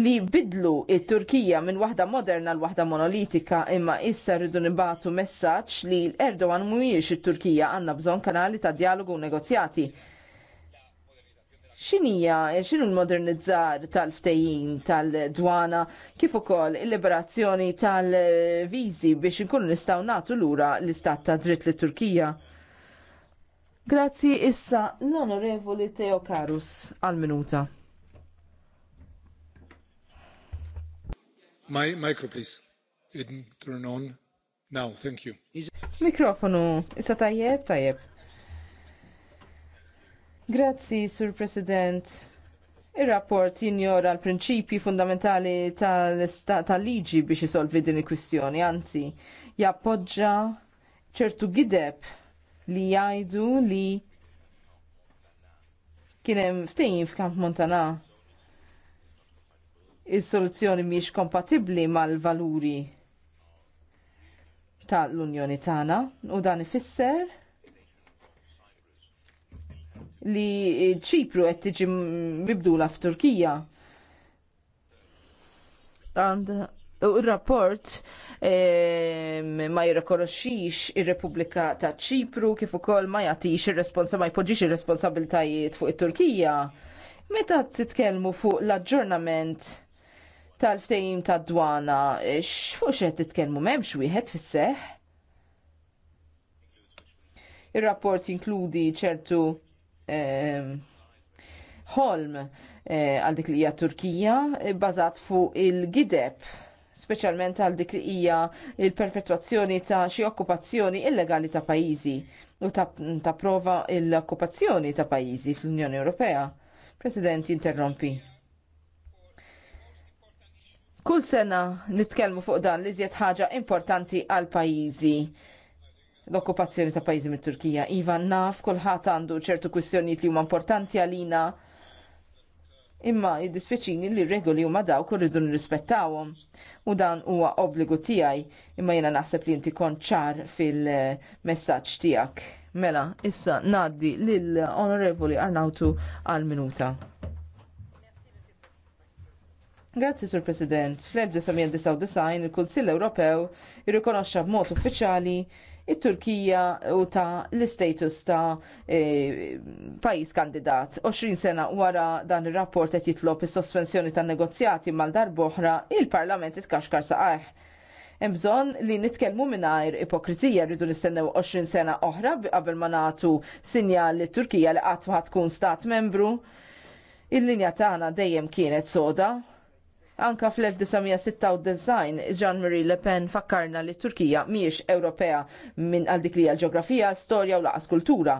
li bidlu it-Turkija minn waħda moderna l waħda monolitika imma issa rridu nibatu messaġġ li l-Erdogan mhuwiex it-Turkija għandna bżonn kanali ta' dialogu u negozjati xinija, xinu l-modernizzar tal-ftejjin tal-dwana, kif ukoll il-liberazzjoni tal-viżi biex inkunu nistgħu nagħtu lura l-istat ta' dritt li Turkija. Grazzi issa l-Onorevoli Teo Karus għal-minuta. My micro, please. It turn on. Now, thank you. Mikrofonu, issa tajjeb, tajjeb. Grazzi, Sur President. Ir-rapport jinjora l-prinċipji fundamentali tal-liġi biex isolvi din il-kwistjoni, anzi, jappoġġa ċertu gideb li jgħidu li kien hemm f'Kamp Montana is-soluzzjoni mhijiex kompatibbli mal-valuri tal-Unjoni tagħna u dan ifisser li ċipru qed tiġi mibdula f'Turkija. Il-rapport ehm, ma jirrekoroxxix ir-Repubblika ta' Ċipru kif ukoll ma jagħtix ir-responsa ma jpoġġix ir responsabbiltajiet fuq it-Turkija. Meta titkellmu fuq l-aġġornament tal-ftehim tad dwana, eh, fuq x'qed titkellmu m'hemmx wieħed fis-seħħ? Ir-rapport jinkludi ċertu ehm, ħolm eh, għal dik li hija Turkija bbażat eh, fuq il-gideb speċjalment għal dik li hija l perpetwazzjoni ta' xi okkupazzjoni illegali ta' pajjiżi u ta' prova l-okkupazzjoni ta' pajjiżi fl-Unjoni Ewropea. President interrompi. Kull sena nitkellmu fuq dan li żjed ħaġa importanti għal pajjiżi l-okkupazzjoni ta' pajjiżi mit-Turkija. Iva naf kulħadd għandu ċertu kwistjonijiet li huma importanti għalina imma jiddispjaċini li regoli huma dawk u rridu nirrispettawhom. U dan huwa obbligu tiegħi, imma jiena naħseb li inti kont ċar fil-messaġġ tiegħek. Mela, issa ngħaddi lill onorevoli Arnautu għal minuta. Grazzi, Sur President. Fl-1999 il-Kunsill Ewropew irrikonoxxa b'mod uffiċjali it-Turkija u ta' l-istatus ta' e, pajis kandidat. 20 sena wara dan ir-rapport qed jitlob is-sospensjoni tan-negozjati mal-darboħra, il-Parlament itkaxkar saqajh. Hemm bżonn li nitkellmu mingħajr ipokrizija rridu nistennew 20 sena oħra qabel ma nagħtu sinjal li Turkija li qatt ma tkun stat membru. Il-linja tagħna dejjem kienet soda Anka fl-1996 Jean-Marie Le Pen fakkarna li Turkija miex Ewropea minn għal dik li għal-ġeografija, storja u laqas kultura.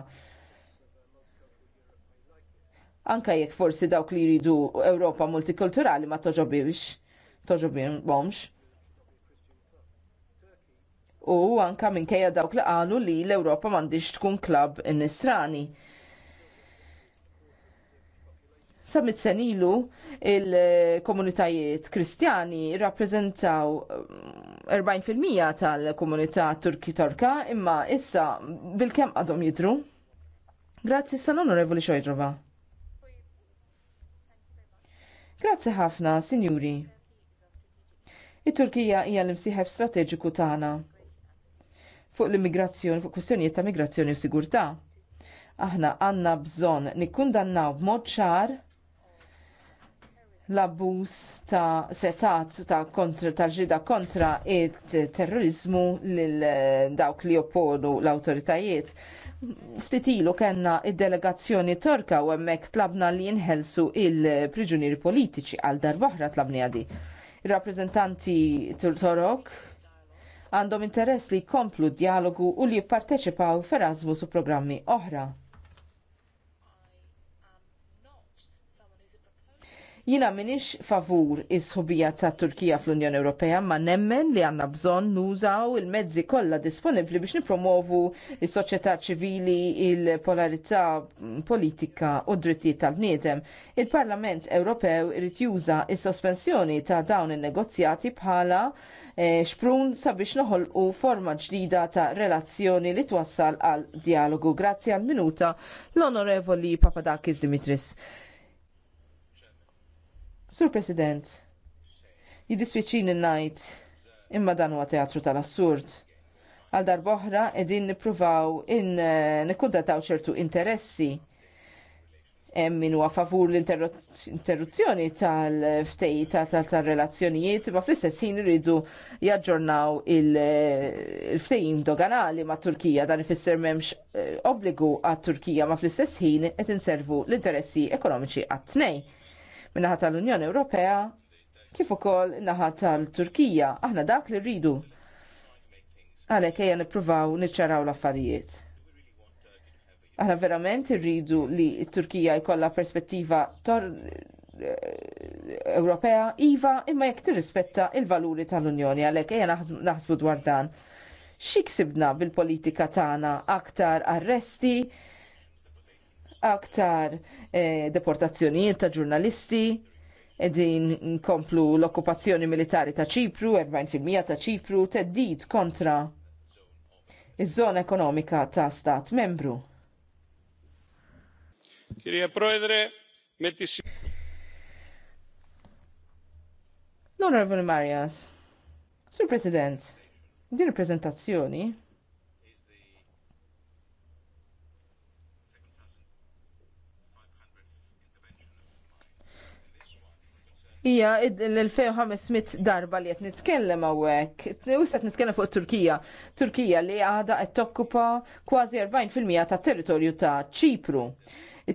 Anka jekk forsi dawk li jridu Ewropa multikulturali ma toġobiex, toġobiex bomx. U anka minkejja dawk li qalu li l-Ewropa mandiġ tkun klabb nisrani. Samit senilu il-komunitajiet kristjani rappresentaw 40% um, tal-komunità turki torka imma issa bil-kem għadhom jidru. Grazzi san onorevoli Xojdrova. Grazzi ħafna, signuri. It-Turkija hija l-imsieħeb strateġiku tagħna fuq l-immigrazzjoni, fuq kwistjonijiet ta' migrazzjoni u sigurtà. Aħna għandna bżonn nikkundannaw b'mod ċar l-abbuż ta' setat ta' kontra ta' ġida kontra it-terrorizmu lil dawk li oppodu l-awtoritajiet. Ftit ilu kellna id-delegazzjoni torka u hemmhekk tlabna li jinħelsu il-priġunieri politiċi għal darboħra tlabni għadi. Ir-rappreżentanti Turtorok għandhom interess li jkomplu dialogu u li jipparteċipaw f'Erasmus u programmi oħra. Jina minix favur is-ħubija ta' Turkija fl-Unjoni Ewropea ma' nemmen li għanna bżon nużaw il-mezzi kollha disponibli biex nipromovu is-soċjetà ċivili, il-polarità politika u drittijiet tal-bniedem. Il-Parlament Ewropew irid juża is-sospensjoni ta' dawn in-negozjati bħala E, eh, xprun sabiex noħolqu forma ġdida ta' relazzjoni li twassal għal dialogu. Grazzi għal minuta l-Onorevoli Papadakis Dimitris. Sur President, jidispieċini najt imma dan huwa teatru tal assurd Għal darboħra edin nipruvaw in eh, nikkundataw ċertu interessi hemm min huwa favur l-interruzzjoni tal-ftejta tal-relazzjonijiet, ma fl-istess ħin iridu jaġġornaw eh, il-ftejim doganali ma' Turkija dan ifisser memx eh, obbligu għat-Turkija ma fl-istess ħin qed inservu l-interessi ekonomiċi għat-tnej minnaħat tal-Unjoni Ewropea kif ukoll naħa tal-Turkija. Aħna dak li rridu. Għalhekk ejja nippruvaw niċċaraw l-affarijiet. Aħna verament irridu li t-Turkija jkollha perspettiva tor Ewropea iva imma jekk tirrispetta il-valuri tal-Unjoni għalhekk ejja naħsbu dwar dan. Xi ksibna bil-politika tagħna aktar arresti, aktar eh, deportazzjonijiet ta' ġurnalisti, edin nkomplu l-okkupazzjoni militari ta' ċipru, 40% ta' ċipru, teddid kontra iż-żona ekonomika ta' stat membru. Kirja Proedre, mettis. L-Onorevoli Marias, Sur President, din il-prezentazzjoni hija l-2500 darba li qed nitkellem u Issa qed nitkellem fuq Turkija. Turkija li għadha qed tokkupa kważi 40% tat-territorju ta' Ċipru.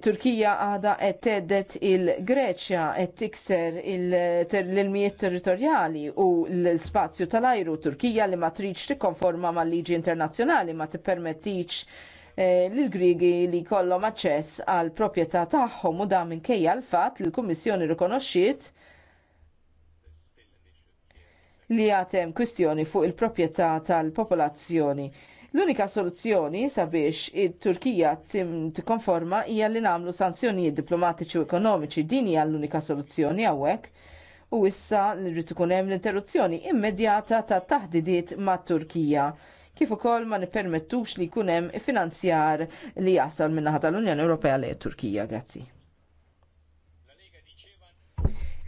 Turkija għada qed teddet il-Greċja qed tikser l-ilmijiet territorjali u l-spazju tal-ajru Turkija li ma tridx tikkonforma mal-liġi internazzjonali ma tippermettix eh, l-Grigi li kollom aċċess għal proprjetà tagħhom u dan minkejja l fatt l-Kummissjoni rikonoxxiet li għatem kwistjoni fuq il-propieta tal-popolazzjoni. L-unika soluzzjoni sabiex il turkija tikkonforma hija li nagħmlu sanzjonijiet diplomatiċi u ekonomiċi din hija l-unika soluzzjoni hawnhekk. U issa li ikun hemm l-interruzzjoni immedjata ta' taħdidiet mat-Turkija kif ukoll ma nippermettux li jkun hemm finanzjar li jasal min-naħa tal-Unjoni Ewropea li Turkija. Grazzi.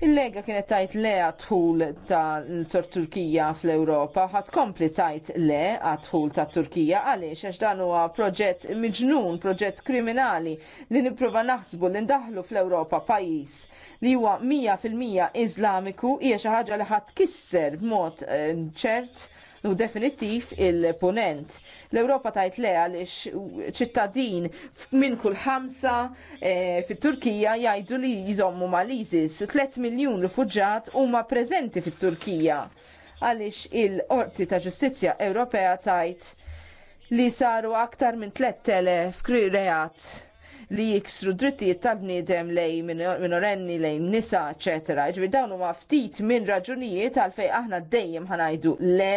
Il-lega kienet tajt le għatħul ta' Turkija fl-Europa, għat kompli tajt le għatħul ta' Turkija, għaliex għax dan huwa proġett miġnun, proġett kriminali li nipprova naħsbu li ndaħlu fl-Europa pajis li huwa 100% Islamiku hija xi ħaġa li ħadd kisser b'mod eh, ċert u definittiv il-ponent. L-Europa tajt le għalix ċittadin minn kull ħamsa e, fit-Turkija jgħidu li jżommu mal-ISIS. 3 miljon rifugġat huma preżenti fit-Turkija għalix il-Qorti ta' Ġustizzja Ewropea tajt li saru aktar minn 3000 reat li jiksru drittijiet tal-bniedem lej minorenni lej nisa, eċetera. Ġbir dawn huma ftit minn raġunijiet għalfej aħna dejjem ħanajdu le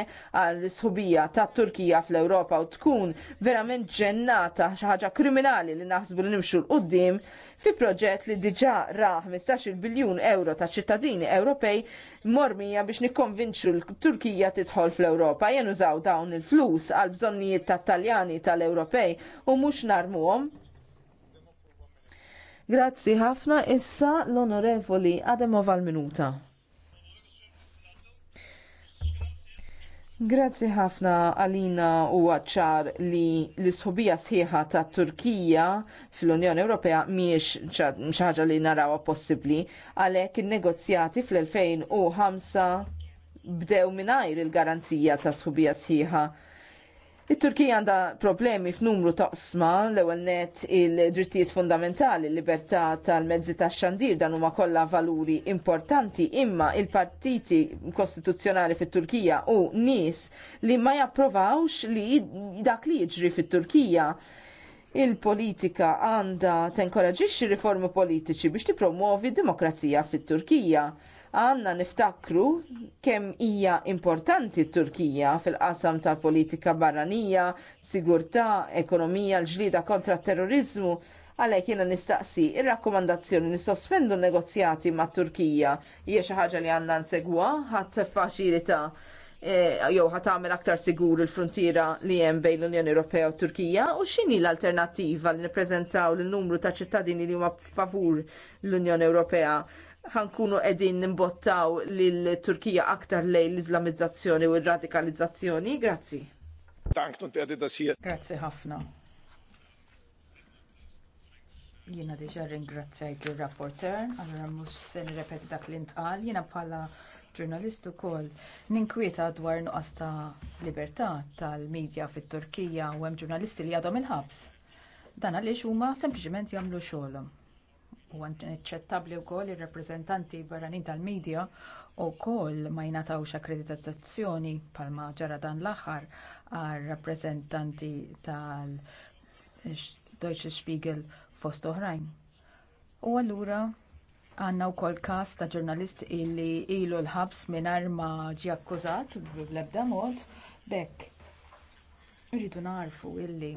għal sħubija ta' Turkija fl-Ewropa u tkun verament ġennata xi ħaġa kriminali li naħsbu li nimxu l-qudiem fi proġett li diġà ra 15 biljun euro ta' ċittadini Ewropej mormija biex nikkonvinċu l-Turkija tidħol fl-Ewropa jenużaw dawn il-flus għal bżonnijiet tat-Taljani tal-Ewropej u mhux narmuhom Grazzi ħafna issa l-onorevoli Ademova l-minuta. Grazzi ħafna għalina u għacċar li l isħubija sħiħa ta' Turkija fil-Unjoni Ewropea miex ċaġa li naraw possibli għalek il-negozjati fl-2005 bdew minajr il-garanzija ta' sħubija sħiħa Il-Turkija għandha problemi f'numru toqsma l-ewwel net il-drittijiet fundamentali, l-libertà tal-mezzi tax-xandir dan huma kollha valuri importanti imma il-partiti kostituzzjonali fit-Turkija u nies li ma japprovawx li dak li jiġri fit-Turkija il-politika għandha tenkoraġixxi riformi politiċi biex tippromuovi d-demokrazija fit-Turkija. Għanna niftakru kemm hija importanti t-Turkija fil-qasam tal-politika barranija, sigurtà, ekonomija, l-ġlida kontra t terrorizmu għalhekk jiena nistaqsi ir-rakkomandazzjoni li negozjati mat Turkija hija xi ħaġa li għandna nsegwa ħadd faċilità e, jew ħadd tagħmel aktar sigur il-frontiera li hemm bejn l-Unjoni Ewropea u Turkija u x'inhi l-alternattiva li nippreżentaw lin numru ta' ċittadini li huma favur l-Unjoni Ewropea ħankunu edin nimbottaw l turkija aktar lejn l-Islamizzazzjoni u r-radikalizzazzjoni. Grazzi. Dank, non vedi da sija. Grazzi ħafna. Jiena diġa ringrazzjajt il-rapporter, allora mux se nirrepeti dak li ntqal, jiena bħala ġurnalistu kol ninkwieta dwar nuqqas ta' libertà tal-medja fit-Turkija u hemm ġurnalisti li għadhom il-ħabs. Dan għaliex huma sempliċement jagħmlu xogħolhom u għanċettabli wkoll ir-rappreżentanti barranin tal-medja wkoll ma jingħatawx akkreditazzjoni bħalma ġara dan l-aħħar għal rappreżentanti tal-Deutsche Spiegel fost oħrajn. U allura għandna wkoll każ ta' ġurnalist illi ilu l-ħabs mingħajr ma ġie akkużat bl-ebda mod bekk. Rridu narfu illi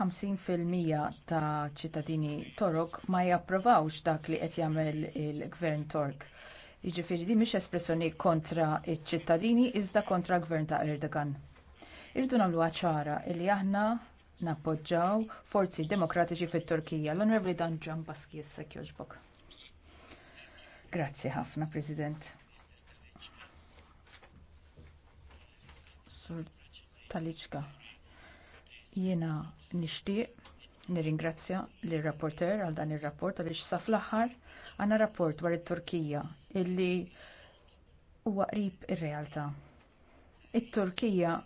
50% ta' ċittadini Torok ma japprovawx dak li qed jagħmel il-Gvern Tork. Jiġifieri din mhix espressjoni kontra ċ-ċittadini iżda kontra l-Gvern ta' Erdogan. Irdu nagħmluha ċara li aħna nappoġġjaw forzi demokratiċi fit-Turkija. L-Onorevoli Dan Ġan Baski jissek joġbok. Grazzi ħafna, President. Sur Jiena nixtieq nirringrazzja lir rapporter għal dan ir-rapport għaliex sa fl-aħħar għandna rapport dwar it-Turkija illi huwa qrib ir-realtà. It-Turkija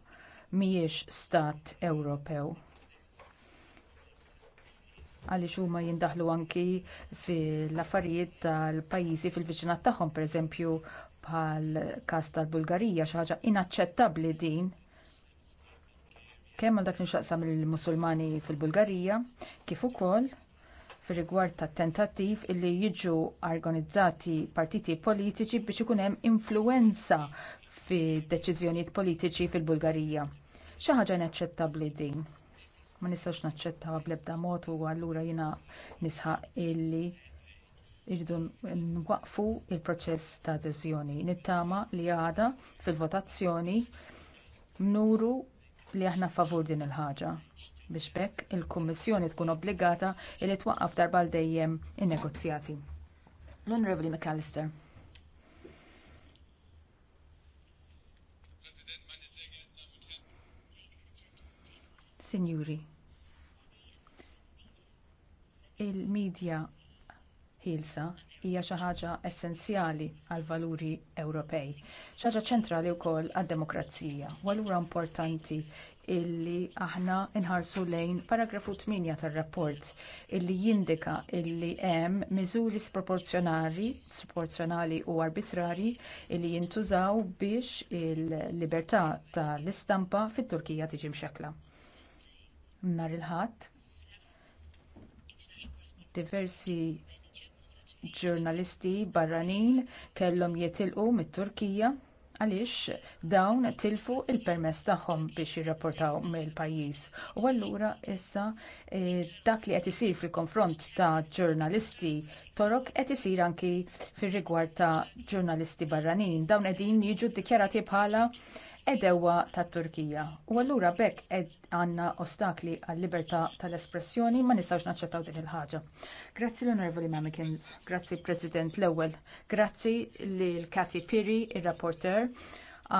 mhijiex stat Ewropew għaliex huma jindaħlu anki fil-affarijiet tal-pajjiżi fil-viċinat tagħhom, pereżempju bħal każ tal-Bulgarija xi ħaġa inaċċettabbli din kemm għal dak nixaqsam il-Musulmani fil-Bulgarija, kif ukoll fir-rigward tat tentattiv illi jiġu organizzati partiti politiċi biex ikun hemm influwenza fid-deċiżjonijiet politiċi fil-Bulgarija. Xi ħaġa inaċċettabbli din. Ma nistgħux naċċettaw bl-ebda mod u allura jiena nisħaq illi irridu nwaqfu l proċess ta' adeżjoni. Nittama li għada fil-votazzjoni nuru li aħna favur din il-ħaġa biex b'hekk il-kummissjoni tkun obbligata li twaqqaf darba l dejjem in-negozjati. L-Onorevoli McAllister. Signori, il-medja ħilsa hija xi ħaġa essenzjali għall valuri Ewropej. Xi ħaġa ċentrali wkoll għad-demokrazija. U allura importanti illi aħna nħarsu lejn paragrafu 8 tar-rapport illi jindika illi hemm miżuri sproporzjonali, sproporzjonali u arbitrarji illi jintużaw biex il-libertà tal-istampa fit-Turkija tiġi mxekkla. Nhar il-ħadd diversi ġurnalisti barranin kellhom jitilqu mit-Turkija għaliex dawn tilfu l permess tagħhom biex jirrapportaw mill-pajjiż. U allura issa eh, dak li qed isir fil-konfront ta' ġurnalisti torok qed isir anki fir-rigward ta' ġurnalisti barranin. Dawn qegħdin jiġu ddikjarati bħala edewwa tat-Turkija. U allura b'hekk għandna ostakli għal-libertà tal-espressjoni ma nistgħux naċċettaw din il-ħaġa. Grazzi l-Onorevoli Mamikins, grazzi President l-ewwel, grazzi l Kati Piri, ir-rapporter,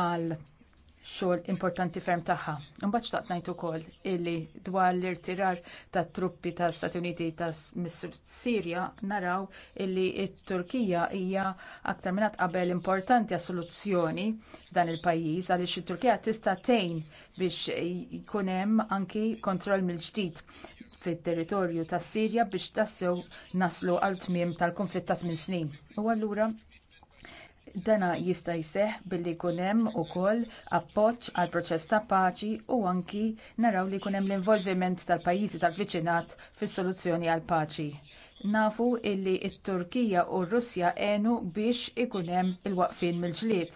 għal xogħol importanti ferm tagħha. Imbagħad xtaqt ngħid ukoll illi dwar l-irtirar tat truppi tal-Stati Uniti tas-Sirja naraw illi t-Turkija hija aktar minn qabel importanti għas soluzzjoni f'dan il-pajjiż għaliex it-Turkija tista' tgħin biex jkun hemm anki kontroll mill-ġdid fit-territorju tas-Sirja biex tassew naslu għal tmiem tal-konflitt ta' tmien snin. U allura Dana jista' jseħħ billi jkun hemm ukoll appoġġ għal proċess ta' paċi u anki naraw li jkun hemm l-involviment tal-pajjiżi tal-viċinat fis-soluzzjoni għal paċi. Nafu illi t turkija u r-Russja għenu biex ikun hemm il-waqfin mill-ġlied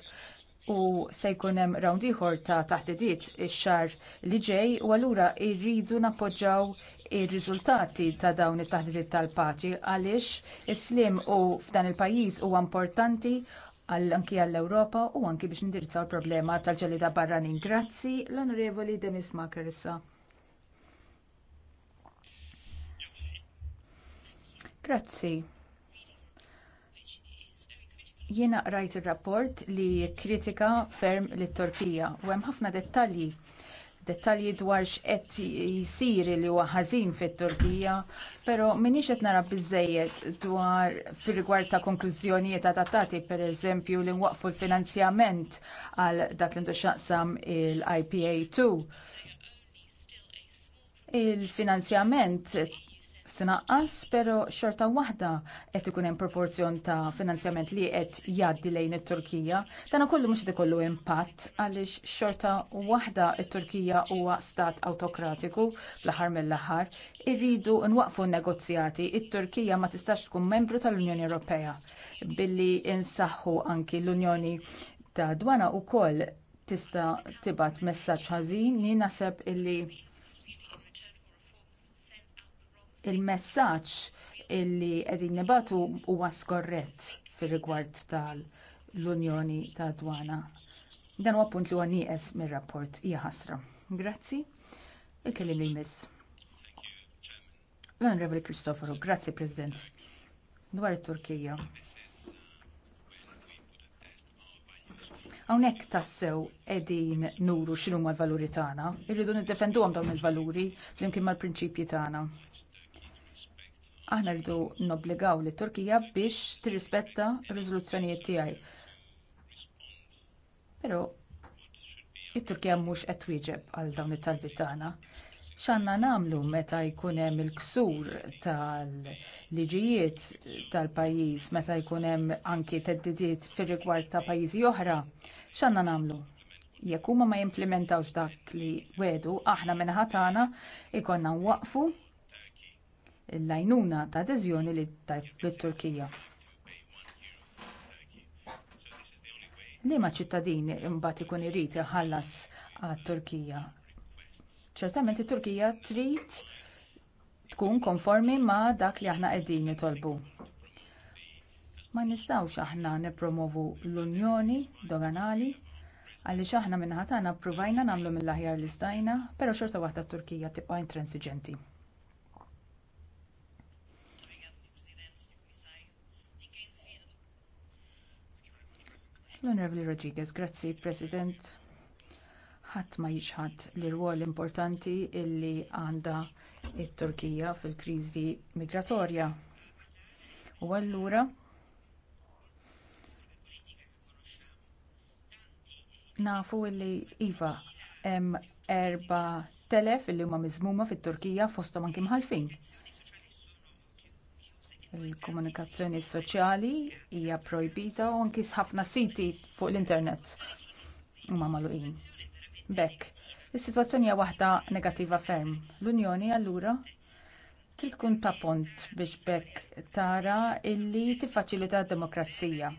u se jkun hemm rawn ieħor ta' taħdiet ix-xahar li ġej u allura jridu nappoġġjaw ir-riżultati ta' dawn it taħdiet tal-paċi għaliex is-slim u f'dan il-pajjiż huwa importanti anki għall-Ewropa u anki biex nindirizzaw il-problema tal-ġelida barranin. Grazzi l-Onorevoli Demis Makerissa. Grazzi. Jiena rajt ir rapport li kritika ferm lit torpija u hemm ħafna dettalji dettalji dwar x'qed jsir li huwa ħażin fit-Turkija Pero minix qed nara biżżejjed dwar fir-rigward ta' konklużjonijiet adattati, per eżempju li nwaqfu l-finanzjament għal dak li xaqsam il-IPA2. Il-finanzjament tinaqqas, pero xorta waħda qed ikun hemm proporzjon ta' finanzjament li qed jgħaddi lejn it-Turkija. Dan kollu mhux ikollu impatt għaliex xorta waħda it-Turkija huwa stat awtokratiku fl-aħħar mill-aħħar. Irridu nwaqfu n-negozjati, it-Turkija ma tistax tkun membru tal-Unjoni Ewropea billi insaħħu anki l-Unjoni ta' dwana wkoll tista' tibgħat messaġġ ħażin li naħseb illi il-messaġġ illi qegħdin nibatu huwa skorrett fir-rigward tal-Unjoni tad Dwana. Dan huwa punt li huwa nieqes mir-rapport hija ħasra. Grazzi. Il-kelim li jmiss. L-Onorevoli Cristoforo, grazzi President. Dwar it-Turkija. Hawnhekk tassew qegħdin nuru x'inhuma l-valuri tagħna, irridu niddefenduhom dawn il-valuri flimkien mal-prinċipji tagħna. Aħna rridu nobbligaw lit Turkija biex tirrispetta r-riżoluzzjonijiet tiegħi. Però it-Turkija mhux qed twieġeb għal dawn it-talbiet tagħna. X'għandna nagħmlu meta jkun hemm il-ksur tal-liġijiet tal-pajjiż, meta jkun hemm anki theddidiet fir-rigward ta' pajjiżi oħra, x'għandna nagħmlu? Jekk huma ma jimplementawx dak li wedu, aħna minħatana ikonna nwaqfu l-għajnuna ta' adeżjoni lit-Turkija. Liema ċittadini imbagħad ikun irid iħallas għat-Turkija? Ċertament it-Turkija trid tkun konformi ma' dak li aħna qegħdin nitolbu. Ma nistgħux aħna nippromovu l-Unjoni Doganali għaliex aħna minnaħa tagħna ppruvajna nagħmlu mill-aħjar li stajna, però xorta waħda t Turkija tibqa' intransiġenti. L-Onorevoli Rodriguez, grazzi President. Ħadd ma jixħad li rwol importanti illi għandha t il turkija fil-kriżi migratorja. U allura nafu illi iva hemm erba' telef illi huma miżmuma fit-Turkija fosthom anke mħalfin. Il-komunikazzjoni soċjali hija projbita u anki ħafna siti fuq l-internet huma magħluqin. B'hekk, is-sitwazzjoni hija waħda negattiva ferm. L-Unjoni allura trid tkun ta' pont biex bekk tara illi tiffaċilita d-demokrazija.